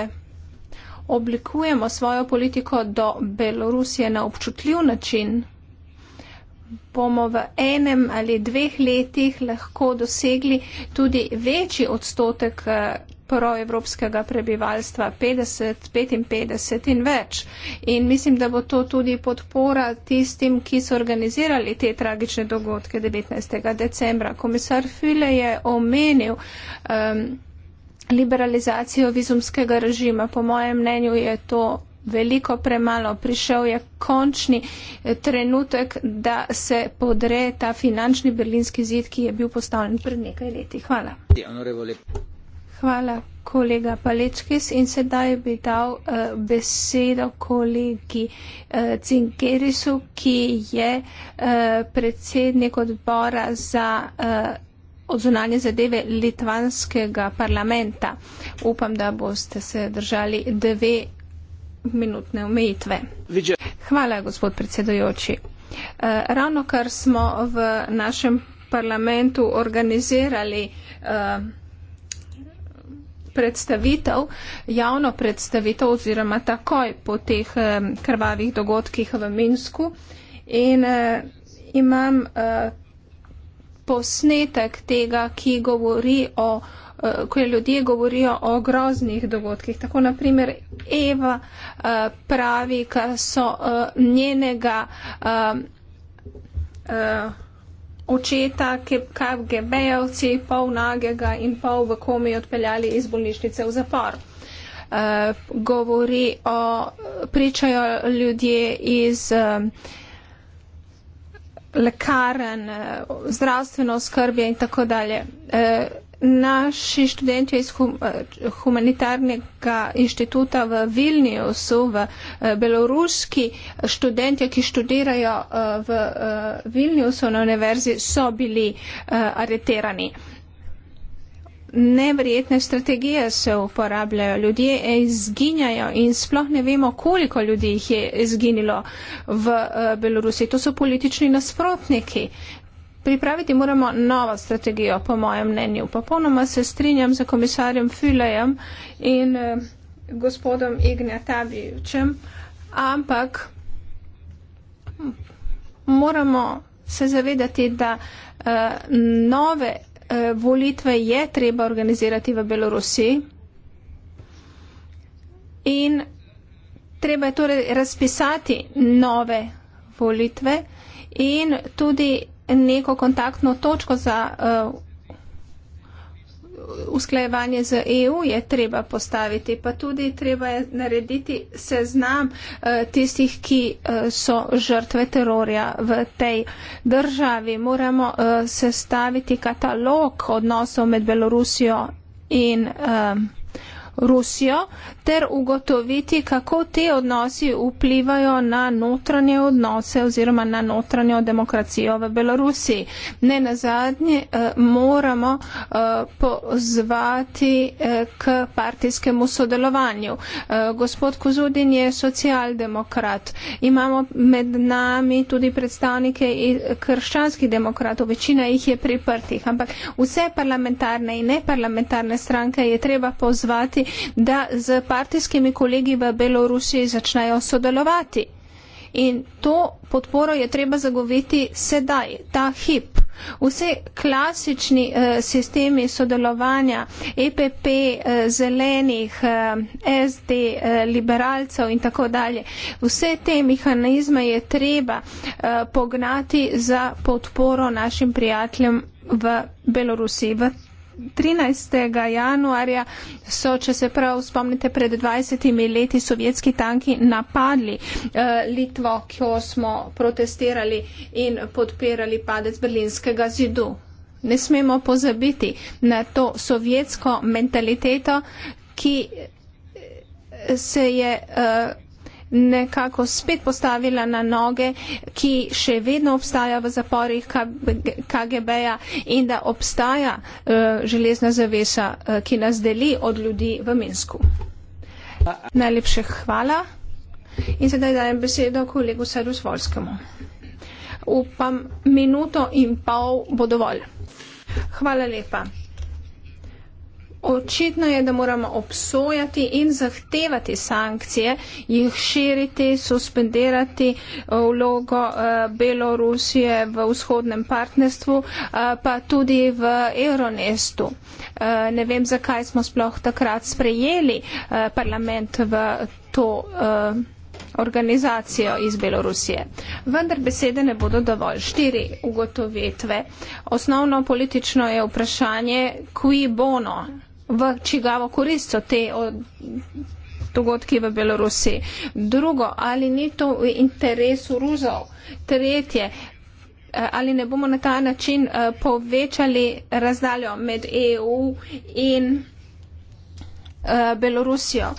oblikujemo svojo politiko do Belorusije na občutljiv način, bomo v enem ali dveh letih lahko dosegli tudi večji odstotek eh, proevropskega prebivalstva 50, 55 in več. In mislim, da bo to tudi podpora tistim, ki so organizirali te tragične dogodke 19. decembra. Komisar File je omenil. Um, liberalizacijo vizumskega režima. Po mojem mnenju je to veliko premalo. Prišel je končni eh, trenutek, da se podre ta finančni berlinski zid, ki je bil postavljen pred nekaj leti. Hvala. Ja, Hvala, kolega Palečkis. In sedaj bi dal uh, besedo kolegi uh, eh, Cinkerisu, ki je uh, predsednik odbora za. Uh, odzunanje zadeve litvanskega parlamenta. Upam, da boste se držali dve minutne omejitve. Hvala, gospod predsedujoči. Ravno kar smo v našem parlamentu organizirali predstavitev, javno predstavitev oziroma takoj po teh krvavih dogodkih v Minsku. In e, imam e, posnetek tega, ki govori o, e, ko ljudje govorijo o groznih dogodkih. Tako naprimer Eva pravi, kar so njenega očeta, ki je gebejevci, pol nagega in pol v komi odpeljali iz bolnišnice v zapor. Eh, govori o, pričajo ljudje iz eh, lekaren, eh, zdravstveno skrbje in tako dalje. Naši študenti iz hum, eh, humanitarnega inštituta v Vilniusu, v eh, beloruski študenti, ki študirajo eh, v Vilniusu na univerzi, so bili areterani. Neverjetne strategije se uporabljajo, ljudje izginjajo in sploh ne vemo, koliko ljudi jih je izginilo v Belorusiji. To so politični nasprotniki pripraviti moramo novo strategijo, po mojem mnenju. Popolnoma se strinjam za komisarjem Filejem in eh, gospodom Ignja Tabijevčem, ampak moramo se zavedati, da eh, nove eh, volitve je treba organizirati v Belorusiji in treba je torej razpisati nove volitve in tudi neko kontaktno točko za uh, usklajevanje z EU je treba postaviti, pa tudi treba je narediti seznam uh, tistih, ki uh, so žrtve terorja v tej državi. Moramo uh, sestaviti katalog odnosov med Belorusijo in. Uh, Rusijo ter ugotoviti, kako te odnosi vplivajo na notranje odnose oziroma na notranjo demokracijo v Belorusiji. Ne na zadnje eh, moramo eh, pozvati eh, k partijskemu sodelovanju. Gospod Kozudin je socialdemokrat. Imamo med nami tudi predstavnike krščanskih demokratov, večina jih je priprtih, ampak vse parlamentarne in neparlamentarne stranke je treba pozvati, da z partijskimi kolegi v Belorusiji začnejo sodelovati. In to podporo je treba zagoviti sedaj, ta hip. Vse klasični uh, sistemi sodelovanja EPP, uh, eh, zelenih, uh, eh, SD, uh, liberalcev in tako dalje, vse te mehanizme je treba uh, pognati za podporo našim prijateljem v Belorusiji, v 13. januarja so, če se prav spomnite, pred 20 leti sovjetski tanki napadli eh, Litvo, ki jo smo protestirali in podpirali padec Berlinskega zidu. Ne smemo pozabiti na to sovjetsko mentaliteto, ki se je. Eh, nekako spet postavila na noge, ki še vedno obstaja v zaporih KGB-ja in da obstaja eh, železna zavesa, eh, ki nas deli od ljudi v Minsku. Najlepše hvala in sedaj dajem besedo kolegu Saru Svolskemu. Upam, minuto in pol bo dovolj. Hvala lepa. Očitno je, da moramo obsojati in zahtevati sankcije, jih širiti, suspendirati eh, vlogo eh, Belorusije v vzhodnem partnerstvu, eh, pa tudi v Euronestu. Ne vem, zakaj smo sploh takrat sprejeli parlament v to organizacijo iz Belorusije. Vendar besede ne bodo dovolj. Štiri ugotovitve. Osnovno politično je vprašanje, kui bono, v čigavo korist so te dogodki v Belorusiji. Drugo, ali ni to v interesu Ruzov. Tretje, eh, ali ne bomo na ta način eh, povečali razdaljo med EU in eh, Belorusijo.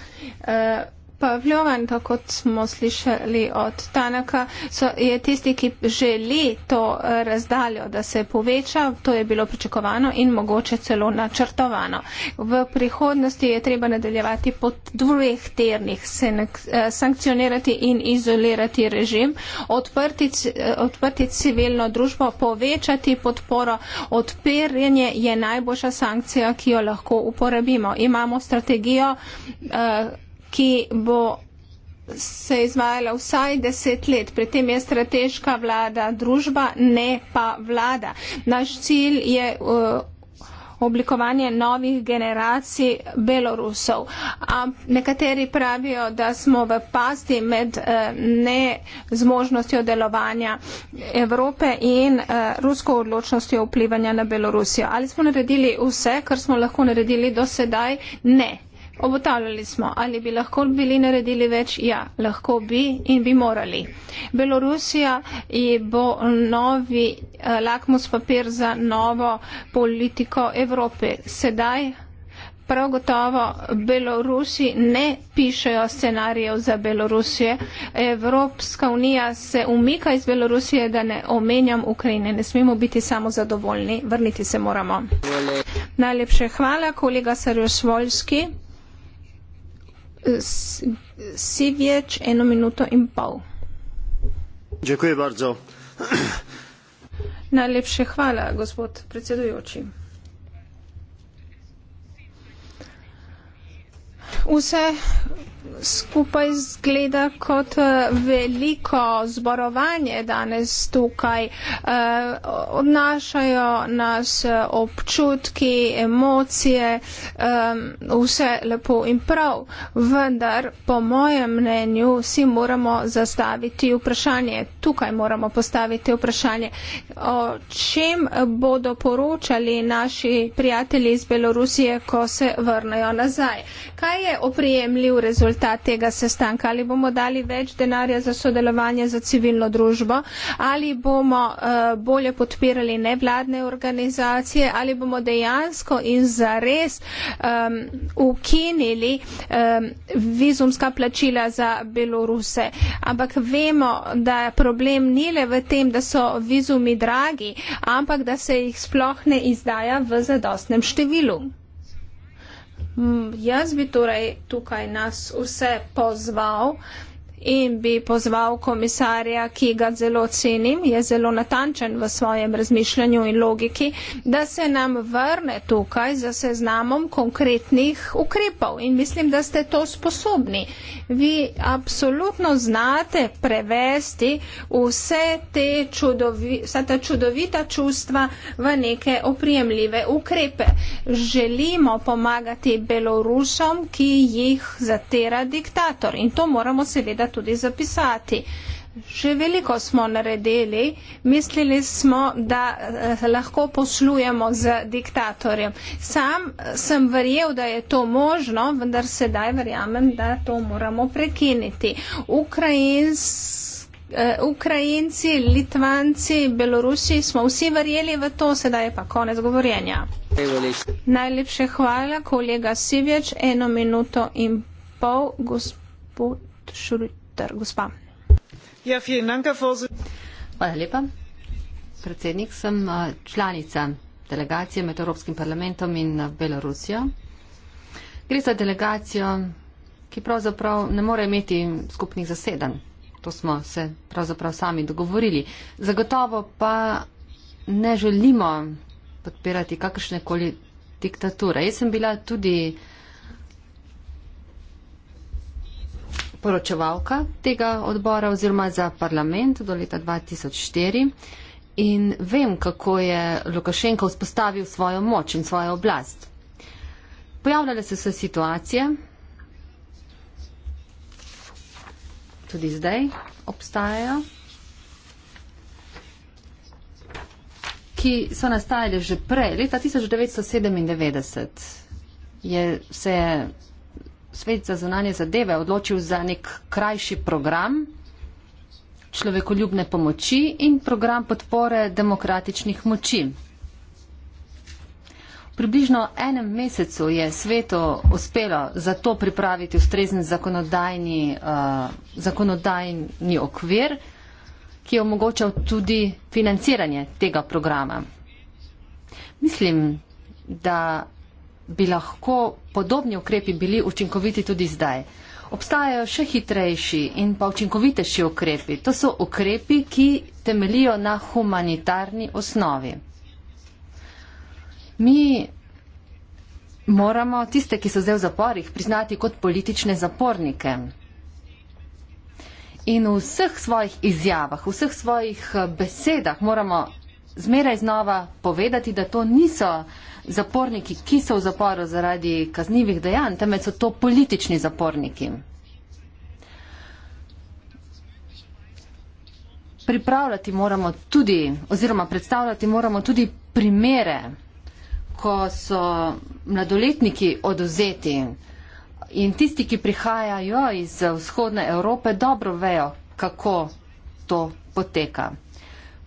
Pavljovan, tako smo slišali od Tanaka, so, je tisti, ki želi to eh, razdaljo, da se poveča, to je bilo pričakovano in mogoče celo načrtovano. V prihodnosti je treba nadaljevati po dveh ternih, eh, sankcionirati in izolirati režim, odprti, eh, odprti civilno družbo, povečati podporo, odpiranje je najboljša sankcija, ki jo lahko uporabimo. Imamo strategijo. Uh, ki bo se izvajala vsaj deset let. Pri tem je strateška vlada družba, ne pa vlada. Naš cilj je uh, oblikovanje novih generacij Belorusov. A nekateri pravijo, da smo v pasti med uh, nezmožnostjo delovanja Evrope in uh, rusko odločnostjo vplivanja na Belorusijo. Ali smo naredili vse, kar smo lahko naredili do sedaj? Ne. Obotavljali smo, ali bi lahko bili naredili več. Ja, lahko bi in bi morali. Belorusija bo novi eh, lakmus papir za novo politiko Evrope. Sedaj prav gotovo Belorusi ne pišejo scenarijev za Belorusije. Evropska unija se umika iz Belorusije, da ne omenjam Ukrajine. Ne smemo biti samo zadovoljni, vrniti se moramo. Najlepše hvala, kolega Sarjošvoljski. Najlepše hvala, gospod predsedujoči. Vse, kar sem želela povedati, je, da skupaj zgleda kot eh, veliko zborovanje danes tukaj. Eh, odnašajo nas eh, občutki, emocije, vse lepo in prav, vendar po mojem mnenju si moramo zastaviti vprašanje. Tukaj moramo postaviti vprašanje, o čem bodo poročali naši prijatelji iz Belorusije, ko se vrnejo nazaj. Kaj je oprijemljiv rezultat? rezultat tega sestanka? Ali bomo dali več denarja za sodelovanje za civilno družbo? Ali bomo eh, bolje podpirali nevladne organizacije? Ali bomo dejansko in zares um, ukinili um, vizumska plačila za Beloruse? Ampak vemo, da problem ni le v tem, da so vizumi dragi, ampak da se jih sploh ne izdaja v zadostnem številu. Jaz bi torej tukaj nas vse pozval, in bi pozval komisarja, ki ga zelo cenim, je zelo natančen v svojem razmišljanju in logiki, da se nam vrne tukaj za seznamom konkretnih ukrepov. In mislim, da ste to sposobni. Vi absolutno znate prevesti vse, te čudovi, vse ta čudovita čustva v neke oprijemljive ukrepe. Želimo pomagati Belorusom, ki jih zatera diktator. In to moramo seveda tudi zapisati. Že veliko smo naredili, mislili smo, da eh, lahko poslujemo z diktatorjem. Sam eh, sem verjel, da je to možno, vendar sedaj verjamem, da to moramo prekiniti. Ukrajins, eh, Ukrajinci, Litvanci, Belorusi smo vsi verjeli v to, sedaj je pa konec govorjenja. Najlepše hvala, kolega Sivjač, eno minuto in pol, gospod. Ja, Predsednik, sem eh, članica delegacije med Evropskim parlamentom in eh, Belorusijo. Gre za delegacijo, ki pravzaprav ne more imeti skupnih zasedanj. To smo se pravzaprav sami dogovorili. Zagotovo pa ne želimo podpirati kakršne koli diktature. Jaz sem bila tudi poročevalka tega odbora oziroma za parlament do leta 2004 in vem, kako je Lukašenko vzpostavil svojo moč in svojo oblast. Pojavljale so se situacije, tudi zdaj obstajajo, ki so nastajale že prej, leta 1997 je se svet za zunanje zadeve odločil za nek krajši program človekoljubne pomoči in program podpore demokratičnih moči. Približno enem mesecu je sveto uspelo za to pripraviti ustrezen zakonodajni, uh, zakonodajni okvir, ki je omogočal tudi financiranje tega programa. Mislim, da bi lahko podobni ukrepi bili učinkoviti tudi zdaj. Obstajajo še hitrejši in pa učinkovitejši ukrepi. To so ukrepi, ki temelijo na humanitarni osnovi. Mi moramo tiste, ki so zdaj v zaporih, priznati kot politične zapornike. In v vseh svojih izjavah, v vseh svojih besedah moramo zmeraj znova povedati, da to niso zaporniki, ki so v zaporu zaradi kaznjivih dejanj, temveč so to politični zaporniki. Pripravljati moramo tudi, oziroma predstavljati moramo tudi primere, ko so mladoletniki odozeti in tisti, ki prihajajo iz vzhodne Evrope, dobro vejo, kako to poteka.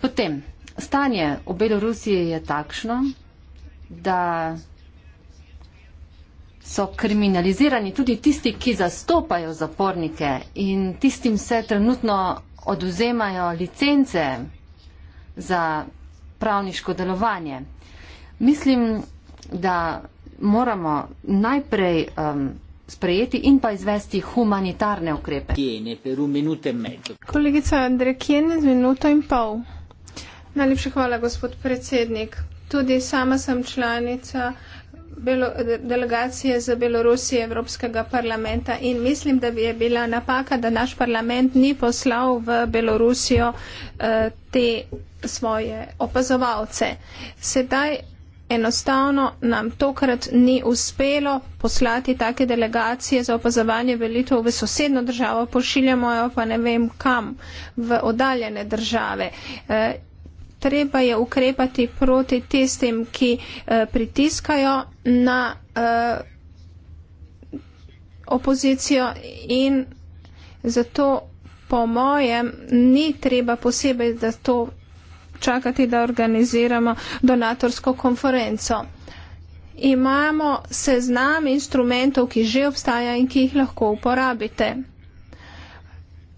Potem, stanje v Belorusiji je takšno, da so kriminalizirani tudi tisti, ki zastopajo zapornike in tistim se trenutno oduzemajo licence za pravniško delovanje. Mislim, da moramo najprej um, sprejeti in pa izvesti humanitarne ukrepe. E Kolegica Andrej Kjene, z minuto in pol. Najlepša hvala, gospod predsednik. Tudi sama sem članica delegacije za Belorusijo Evropskega parlamenta in mislim, da bi je bila napaka, da naš parlament ni poslal v Belorusijo eh, te svoje opazovalce. Sedaj enostavno nam tokrat ni uspelo poslati take delegacije za opazovanje velitev v sosedno državo, pošiljamo jo pa ne vem kam, v oddaljene države. Eh, treba je ukrepati proti tistim, ki eh, pritiskajo na eh, opozicijo in zato po mojem ni treba posebej za to čakati, da organiziramo donatorsko konferenco. Imamo seznam instrumentov, ki že obstaja in ki jih lahko uporabite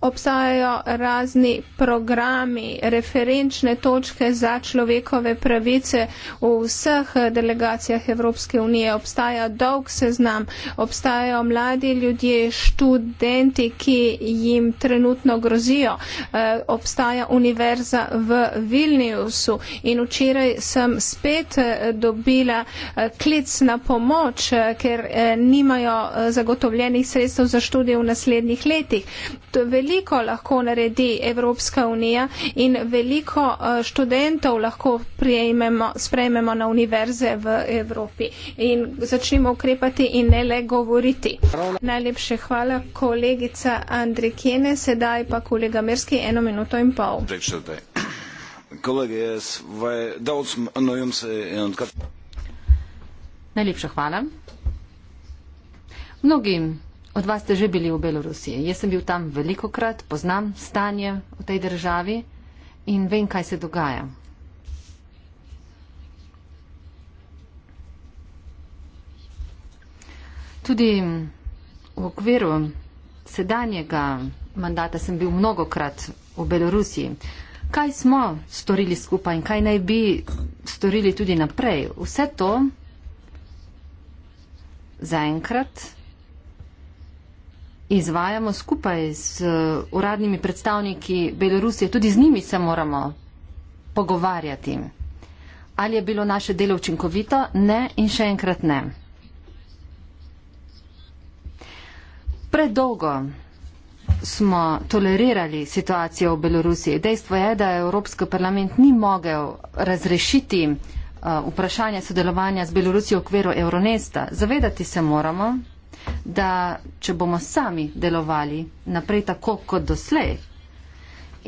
obstajajo razni programi, referenčne točke za človekove pravice v vseh delegacijah Evropske unije. Obstaja dolg seznam, obstajajo mladi ljudje, študenti, ki jim trenutno grozijo. Eh, obstaja univerza v Vilniusu in včeraj sem spet eh, dobila eh, klic na pomoč, ker nimajo zagotovljenih sredstev za študije v naslednjih letih veliko lahko naredi Evropska unija in veliko eh, študentov lahko prijememo, sprejmemo na univerze v Evropi in začnemo ukrepati in ne le govoriti. Najlepše hvala kolegica Andrikene, sedaj pa kolega Merski eno minuto in pol. No, Najlepša hvala. Mnogim Od vas ste že bili v Belorusiji. Jaz sem bil tam veliko krat, poznam stanje v tej državi in vem, kaj se dogaja. Tudi v okviru sedanjega mandata sem bil mnogo krat v Belorusiji. Kaj smo storili skupaj in kaj naj bi storili tudi naprej? Vse to zaenkrat izvajamo skupaj z eh, uradnimi predstavniki Belorusije, tudi z njimi se moramo pogovarjati. Ali je bilo naše delo učinkovito? Ne in še enkrat ne. Predolgo smo tolerirali situacijo v Belorusiji. Dejstvo je, da Evropski parlament ni mogel razrešiti uh, vprašanja sodelovanja z Belorusijo v okviru Euronesta. Zavedati se moramo, da če bomo sami delovali naprej tako kot doslej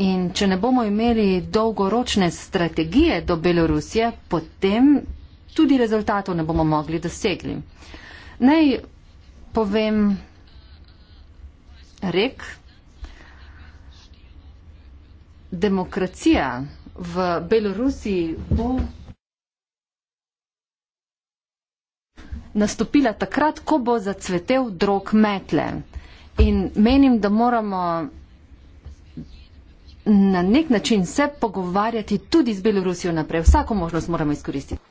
in če ne bomo imeli dolgoročne strategije do Belorusije, potem tudi rezultatov ne bomo mogli dosegli. Naj povem rek, demokracija v Belorusiji bo. nastopila takrat, ko bo zacvetel drog metle. In menim, da moramo na nek način se pogovarjati tudi z Belorusijo naprej. Vsako možnost moramo izkoristiti.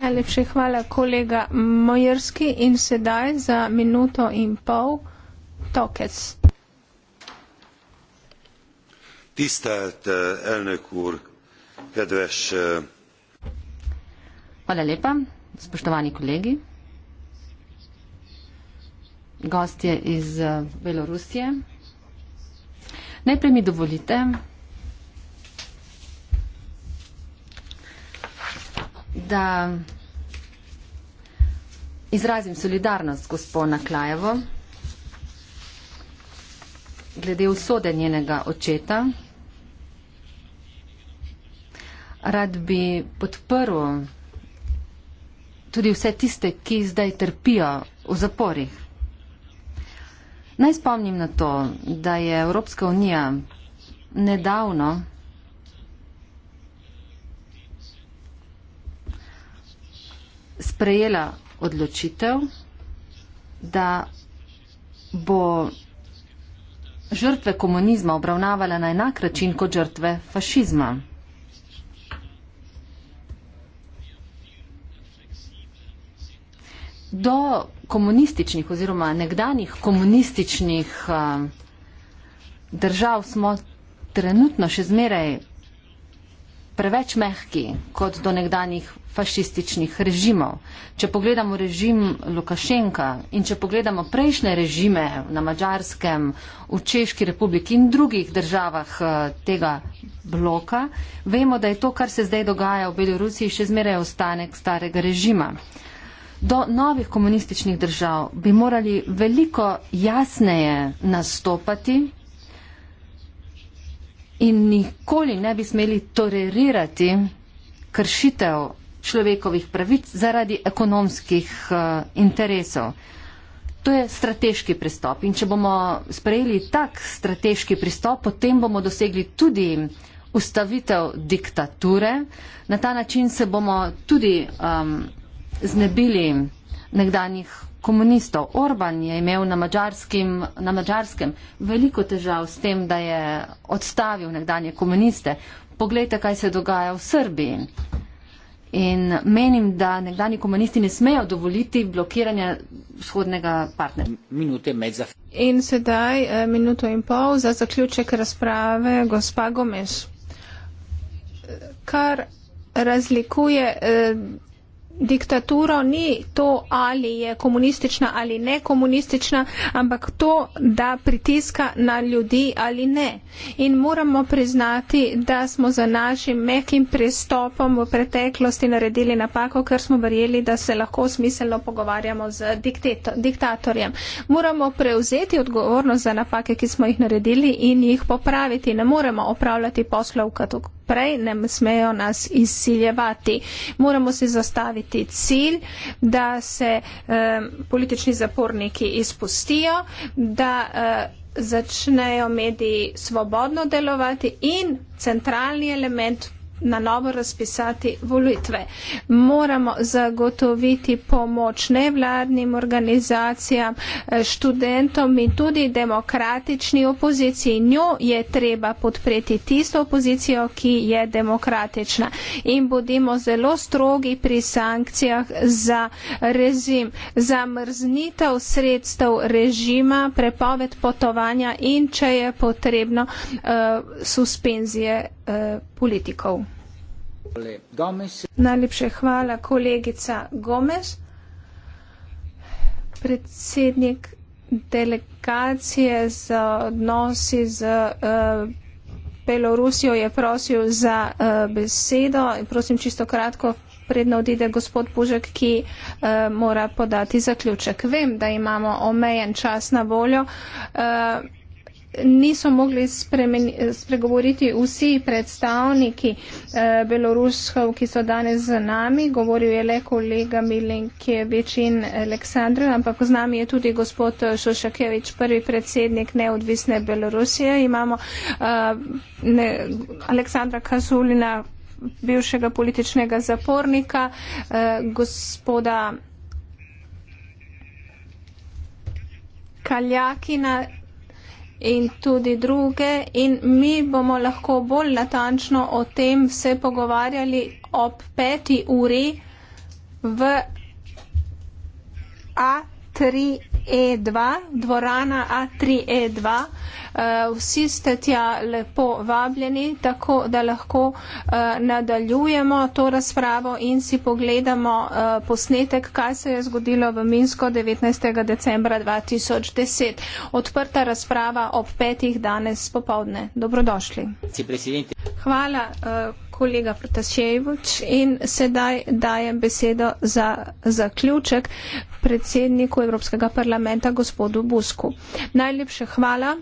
Najlepše hvala kolega Mojerski in sedaj za minuto in pol Tokec. Tistelt eh, elnök úr, kedves... Eh, hvala lepa, spoštovani kolegi, gostje iz eh, Belorusije. Najprej mi dovolite, da izrazim solidarnost gospoda Klajevo glede usode njenega očeta. Rad bi podprl tudi vse tiste, ki zdaj trpijo v zaporih. Naj spomnim na to, da je Evropska unija nedavno sprejela odločitev, da bo žrtve komunizma obravnavala na enak račin kot žrtve fašizma. do komunističnih oziroma nekdanjih komunističnih eh, držav smo trenutno še zmeraj preveč mehki kot do nekdanjih fašističnih režimov. Če pogledamo režim Lukašenka in če pogledamo prejšnje režime na Mačarskem, v Češki republiki in drugih državah eh, tega bloka, vemo, da je to, kar se zdaj dogaja v Belorusiji, še zmeraj ostanek starega režima. Uh, do novih komunističnih držav bi morali veliko jasneje nastopati in nikoli ne bi smeli tolerirati kršitev človekovih pravic zaradi ekonomskih uh, interesov. To je strateški pristop in če bomo sprejeli tak strateški pristop, potem bomo dosegli tudi ustavitev diktature. Na ta način se bomo tudi um, znebili nekdanjih komunistov. Orban je imel na, na mačarskem veliko težav s tem, da je odstavil nekdanje komuniste. Poglejte, kaj se dogaja v Srbiji. In menim, da nekdani komunisti ne smejo dovoliti blokiranja vzhodnega partnerja. In sedaj eh, minuto in pol za zaključek razprave, gospa Gomes. Kar razlikuje. Eh, diktaturo ni to, ali je komunistična ali ne komunistična, ampak to, da pritiska na ljudi ali ne. In moramo priznati, da smo za našim mehkim pristopom v preteklosti naredili napako, ker smo verjeli, da se lahko smiselno pogovarjamo z dikteto, diktatorjem. Moramo prevzeti odgovornost za napake, ki smo jih naredili in jih popraviti. Ne moremo opravljati poslov naprej, ne smejo nas izsiljevati. Moramo si zastaviti cilj, da se um, politični zaporniki izpustijo, da uh, začnejo mediji svobodno delovati in centralni element na novo razpisati volitve. Moramo zagotoviti pomoč nevladnim organizacijam, eh, študentom in tudi demokratični opoziciji. Njo je treba podpreti tisto opozicijo, ki je demokratična. In bodimo zelo strogi pri sankcijah za režim, za mrznitev sredstev režima, prepoved potovanja in, če je potrebno, eh, suspenzije. Eh, politikov. Najlepše hvala, kolegica Gomez. Predsednik delegacije za odnosi z uh, Belorusijo je prosil za uh, besedo. Prosim čisto kratko, predno odide gospod Pužek, ki uh, mora podati zaključek. Vem, da imamo omejen čas na voljo. Uh, niso mogli spregovoriti vsi predstavniki e, Beloruskov, ki so danes z nami. Govoril je le kolega Milinkevič in Aleksandr, ampak z nami je tudi gospod Šošakevič, prvi predsednik neodvisne Belorusije. Imamo e, ne, Aleksandra Kazulina, bivšega političnega zapornika, e, gospoda Kaljakina in tudi druge in mi bomo lahko bolj natančno o tem se pogovarjali ob peti uri v A3E2, dvorana A3E2. Eh, vsi ste tja lepo vabljeni, tako da lahko eh, nadaljujemo to razpravo in si pogledamo eh, posnetek, kaj se je zgodilo v Minsko 19. decembra 2010. Odprta razprava ob petih danes popovdne. Dobrodošli. Hvala kolega Protasejevč in sedaj dajem besedo za zaključek predsedniku Evropskega parlamenta gospodu Busku. Najlepše hvala.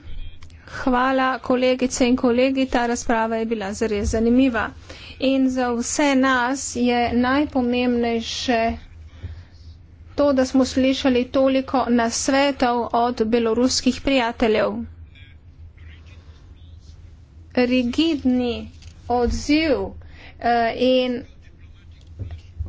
Hvala, kolegice in kolegi, ta razprava je bila zares zanimiva. In za vse nas je najpomembnejše to, da smo slišali toliko nasvetov od beloruskih prijateljev. Rigidni odziv uh, in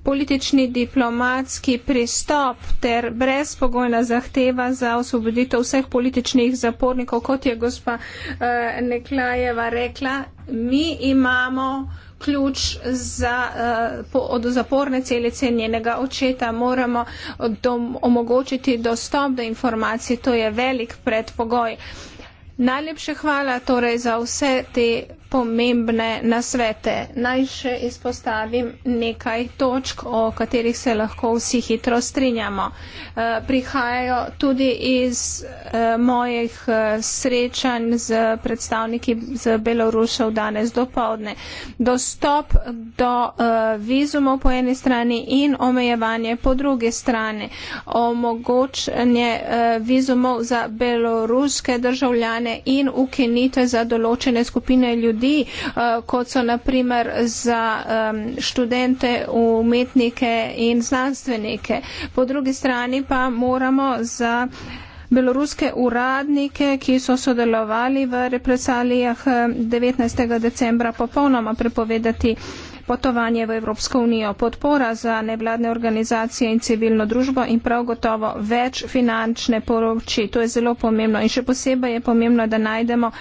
politični diplomatski pristop ter brezpogojna zahteva za osvoboditev vseh političnih zapornikov, kot je gospa eh, Neklajeva rekla, mi imamo ključ za, eh, po, od zaporne celice njenega očeta, moramo eh, dom, omogočiti dostop do informacij, to je velik predpogoj. Najlepše hvala torej za vse te pomembne nasvete. Naj še izpostavim nekaj točk, o katerih se lahko vsi hitro strinjamo. Eh, prihajajo tudi iz eh, mojih eh, srečanj z predstavniki z Belorusov danes do povdne. Dostop do vizumov po eni strani in omejevanje po druge strani. Omogočanje vizumov za beloruske državljane in ukinitve za določene skupine ljudi ljudi, eh, kot so naprimer za študente, umetnike in znanstvenike. Po drugi strani pa moramo za beloruske uradnike, ki so sodelovali v represalijah 19. decembra, popolnoma prepovedati potovanje v Evropsko unijo, podpora za nevladne organizacije in civilno družbo in prav gotovo več finančne poroči. To je zelo pomembno in še posebej je pomembno, da najdemo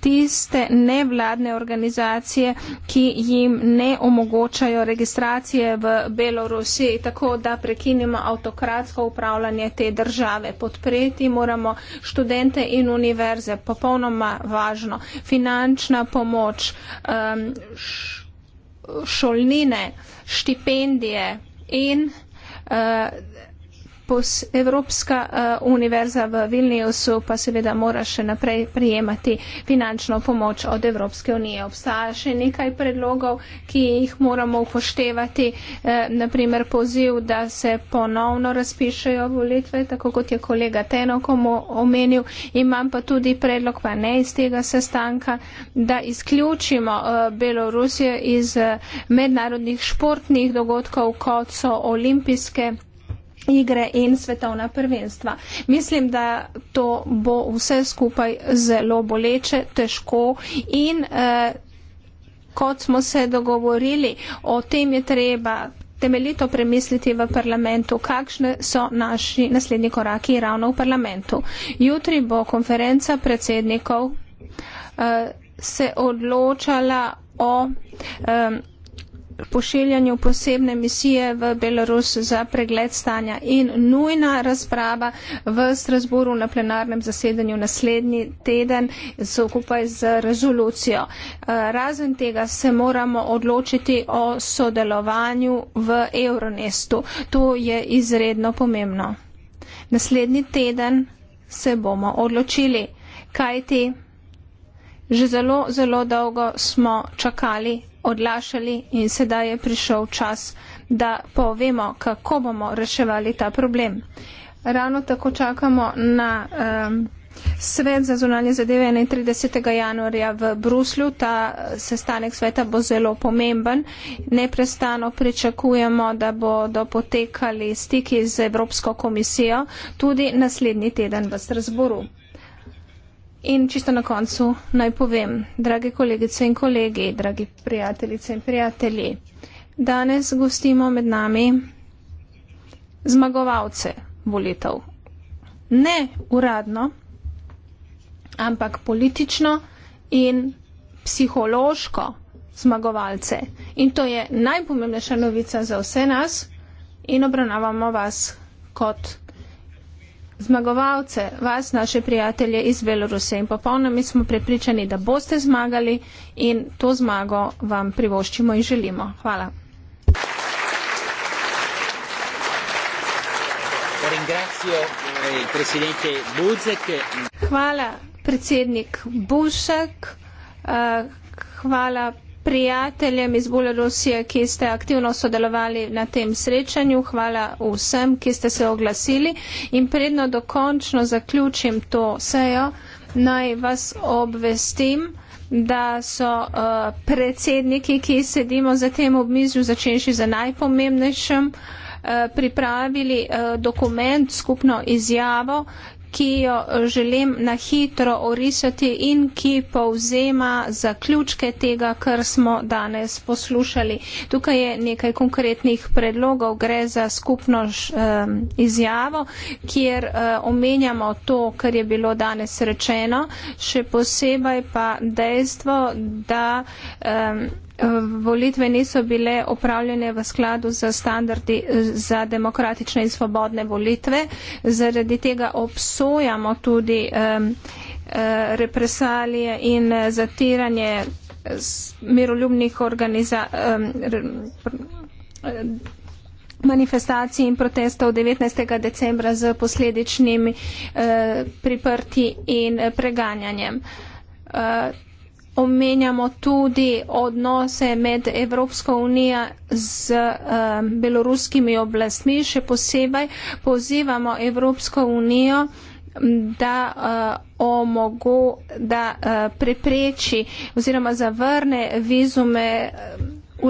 tiste nevladne organizacije, ki jim ne omogočajo registracije v Belorusiji, tako da prekinimo avtokratsko upravljanje te države. Podpreti moramo študente in univerze, popolnoma važno, finančna pomoč, um, šolnine, štipendije in uh, Erasmus, Evropska uh, univerza v Vilniusu pa seveda mora še naprej prijemati finančno pomoč od Evropske unije. Obstaja še nekaj predlogov, ki jih moramo upoštevati, uh, eh, naprimer poziv, da se ponovno razpišejo volitve, tako kot je kolega Tenokomu omenil. Imam pa tudi predlog, pa ne iz tega sestanka, da izključimo uh, eh, Belorusijo iz uh, mednarodnih športnih dogodkov, kot so olimpijske igre in svetovna prvenstva. Mislim, da to bo vse skupaj zelo boleče, težko in eh, kot smo se dogovorili, o tem je treba temeljito premisliti v parlamentu, kakšne so naši naslednji koraki ravno v parlamentu. Jutri bo konferenca predsednikov eh, se odločala o. Eh, pošiljanju posebne misije v Belarus za pregled stanja in nujna razprava v Strasburu na plenarnem zasedanju naslednji teden skupaj z rezolucijo. Eh, razen tega se moramo odločiti o sodelovanju v Euronestu. To je izredno pomembno. Naslednji teden se bomo odločili, kajti že zelo, zelo dolgo smo čakali odlašali in sedaj je prišel čas, da povemo, kako bomo reševali ta problem. Ravno tako čakamo na um, svet za zunanje zadeve 31. januarja v Bruslju. Ta sestanek sveta bo zelo pomemben. Neprestano pričakujemo, da bodo potekali stiki z Evropsko komisijo tudi naslednji teden v Strasburu. In čisto na koncu naj povem, drage kolegice in kolegi, dragi prijateljice in prijatelji, danes gostimo med nami zmagovalce volitev. Ne uradno, ampak politično in psihološko zmagovalce. In to je najpomembnejša novica za vse nas in obravnavamo vas kot zmagovalce, vas, naše prijatelje iz Belorusije in popolnoma smo prepričani, da boste zmagali in to zmago vam privoščimo in želimo. Hvala. Eh, hvala, predsednik Bušek. Eh, hvala, predsednik Bušek prijateljem iz Belorusije, ki ste aktivno sodelovali na tem srečanju. Hvala vsem, ki ste se oglasili. In predno dokončno zaključim to sejo, naj vas obvestim da so uh, predsedniki, ki sedimo za tem obmizju, začenši za najpomembnejšem, uh, eh, pripravili uh, dokument, skupno izjavo, uh, ki jo želim na hitro orisati in ki povzema zaključke tega, kar smo danes poslušali. Tukaj je nekaj konkretnih predlogov. Gre za skupno š, um, ehm, izjavo, kjer um, omenjamo to, kar je bilo danes rečeno, še posebej pa dejstvo, da um, Eh, volitve niso bile opravljene v skladu z standardi eh, za demokratične in svobodne volitve. Zaradi tega obsojamo tudi um, represalije in zatiranje miroljubnih organizacij. Um, manifestacij in protestov 19. decembra z posledičnim eh, priprti in preganjanjem. Eh, omenjamo tudi odnose med Evropsko unijo z um, beloruskimi oblastmi, še posebej pozivamo Evropsko unijo, da, uh, omogo, da uh, prepreči oziroma zavrne vizume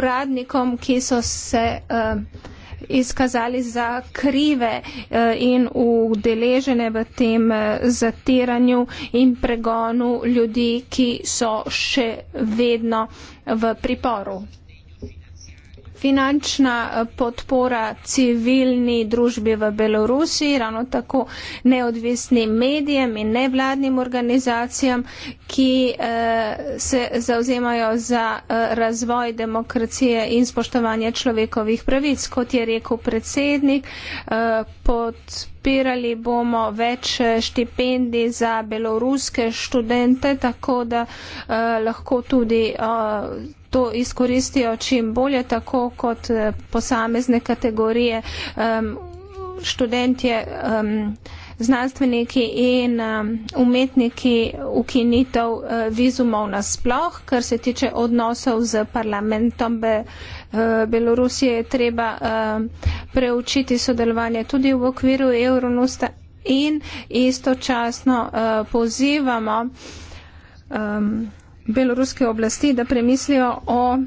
uradnikom, ki so se. Uh, izkazali za krive eh, in udeležene v tem eh, zatiranju in pregonu ljudi, ki so še vedno v priporu finančna eh, podpora civilni družbi v Belorusiji, ravno tako neodvisnim medijem in nevladnim organizacijam, ki eh, se zauzemajo za eh, razvoj demokracije in spoštovanje človekovih pravic, kot je rekel predsednik. Eh, pod Podpirali bomo več eh, štipendij za beloruske študente, tako da uh, lahko tudi uh, to izkoristijo čim bolje, tako kot eh, posamezne kategorije študentje, znanstveniki in umetniki ukinitev eh, vizumov nasploh, kar se tiče odnosov z parlamentom Be eh, Belorusije, je treba preučiti sodelovanje tudi v okviru Euronusta in istočasno pozivamo. 嗯。Um beloruske oblasti, da premislijo o uh,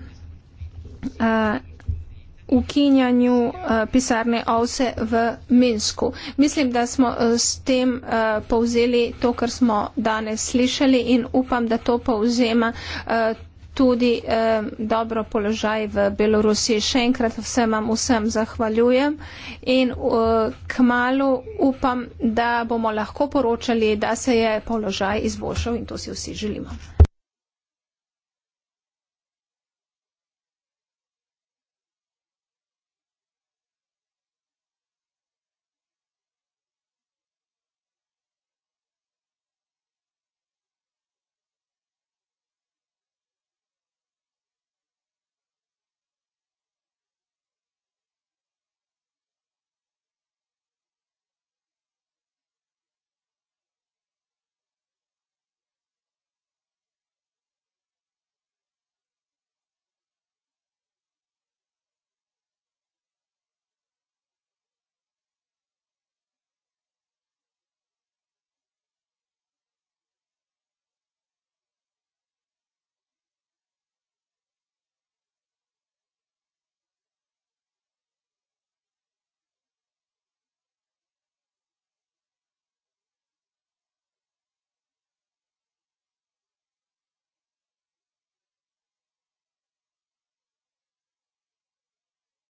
ukinjanju uh, pisarne Ovse v Minsku. Mislim, da smo s tem uh, povzeli to, kar smo danes slišali in upam, da to povzema uh, tudi uh, dobro položaj v Belorusiji. Še enkrat vsem vam vsem zahvaljujem in uh, kmalo upam, da bomo lahko poročali, da se je položaj izboljšal in to si vsi želimo.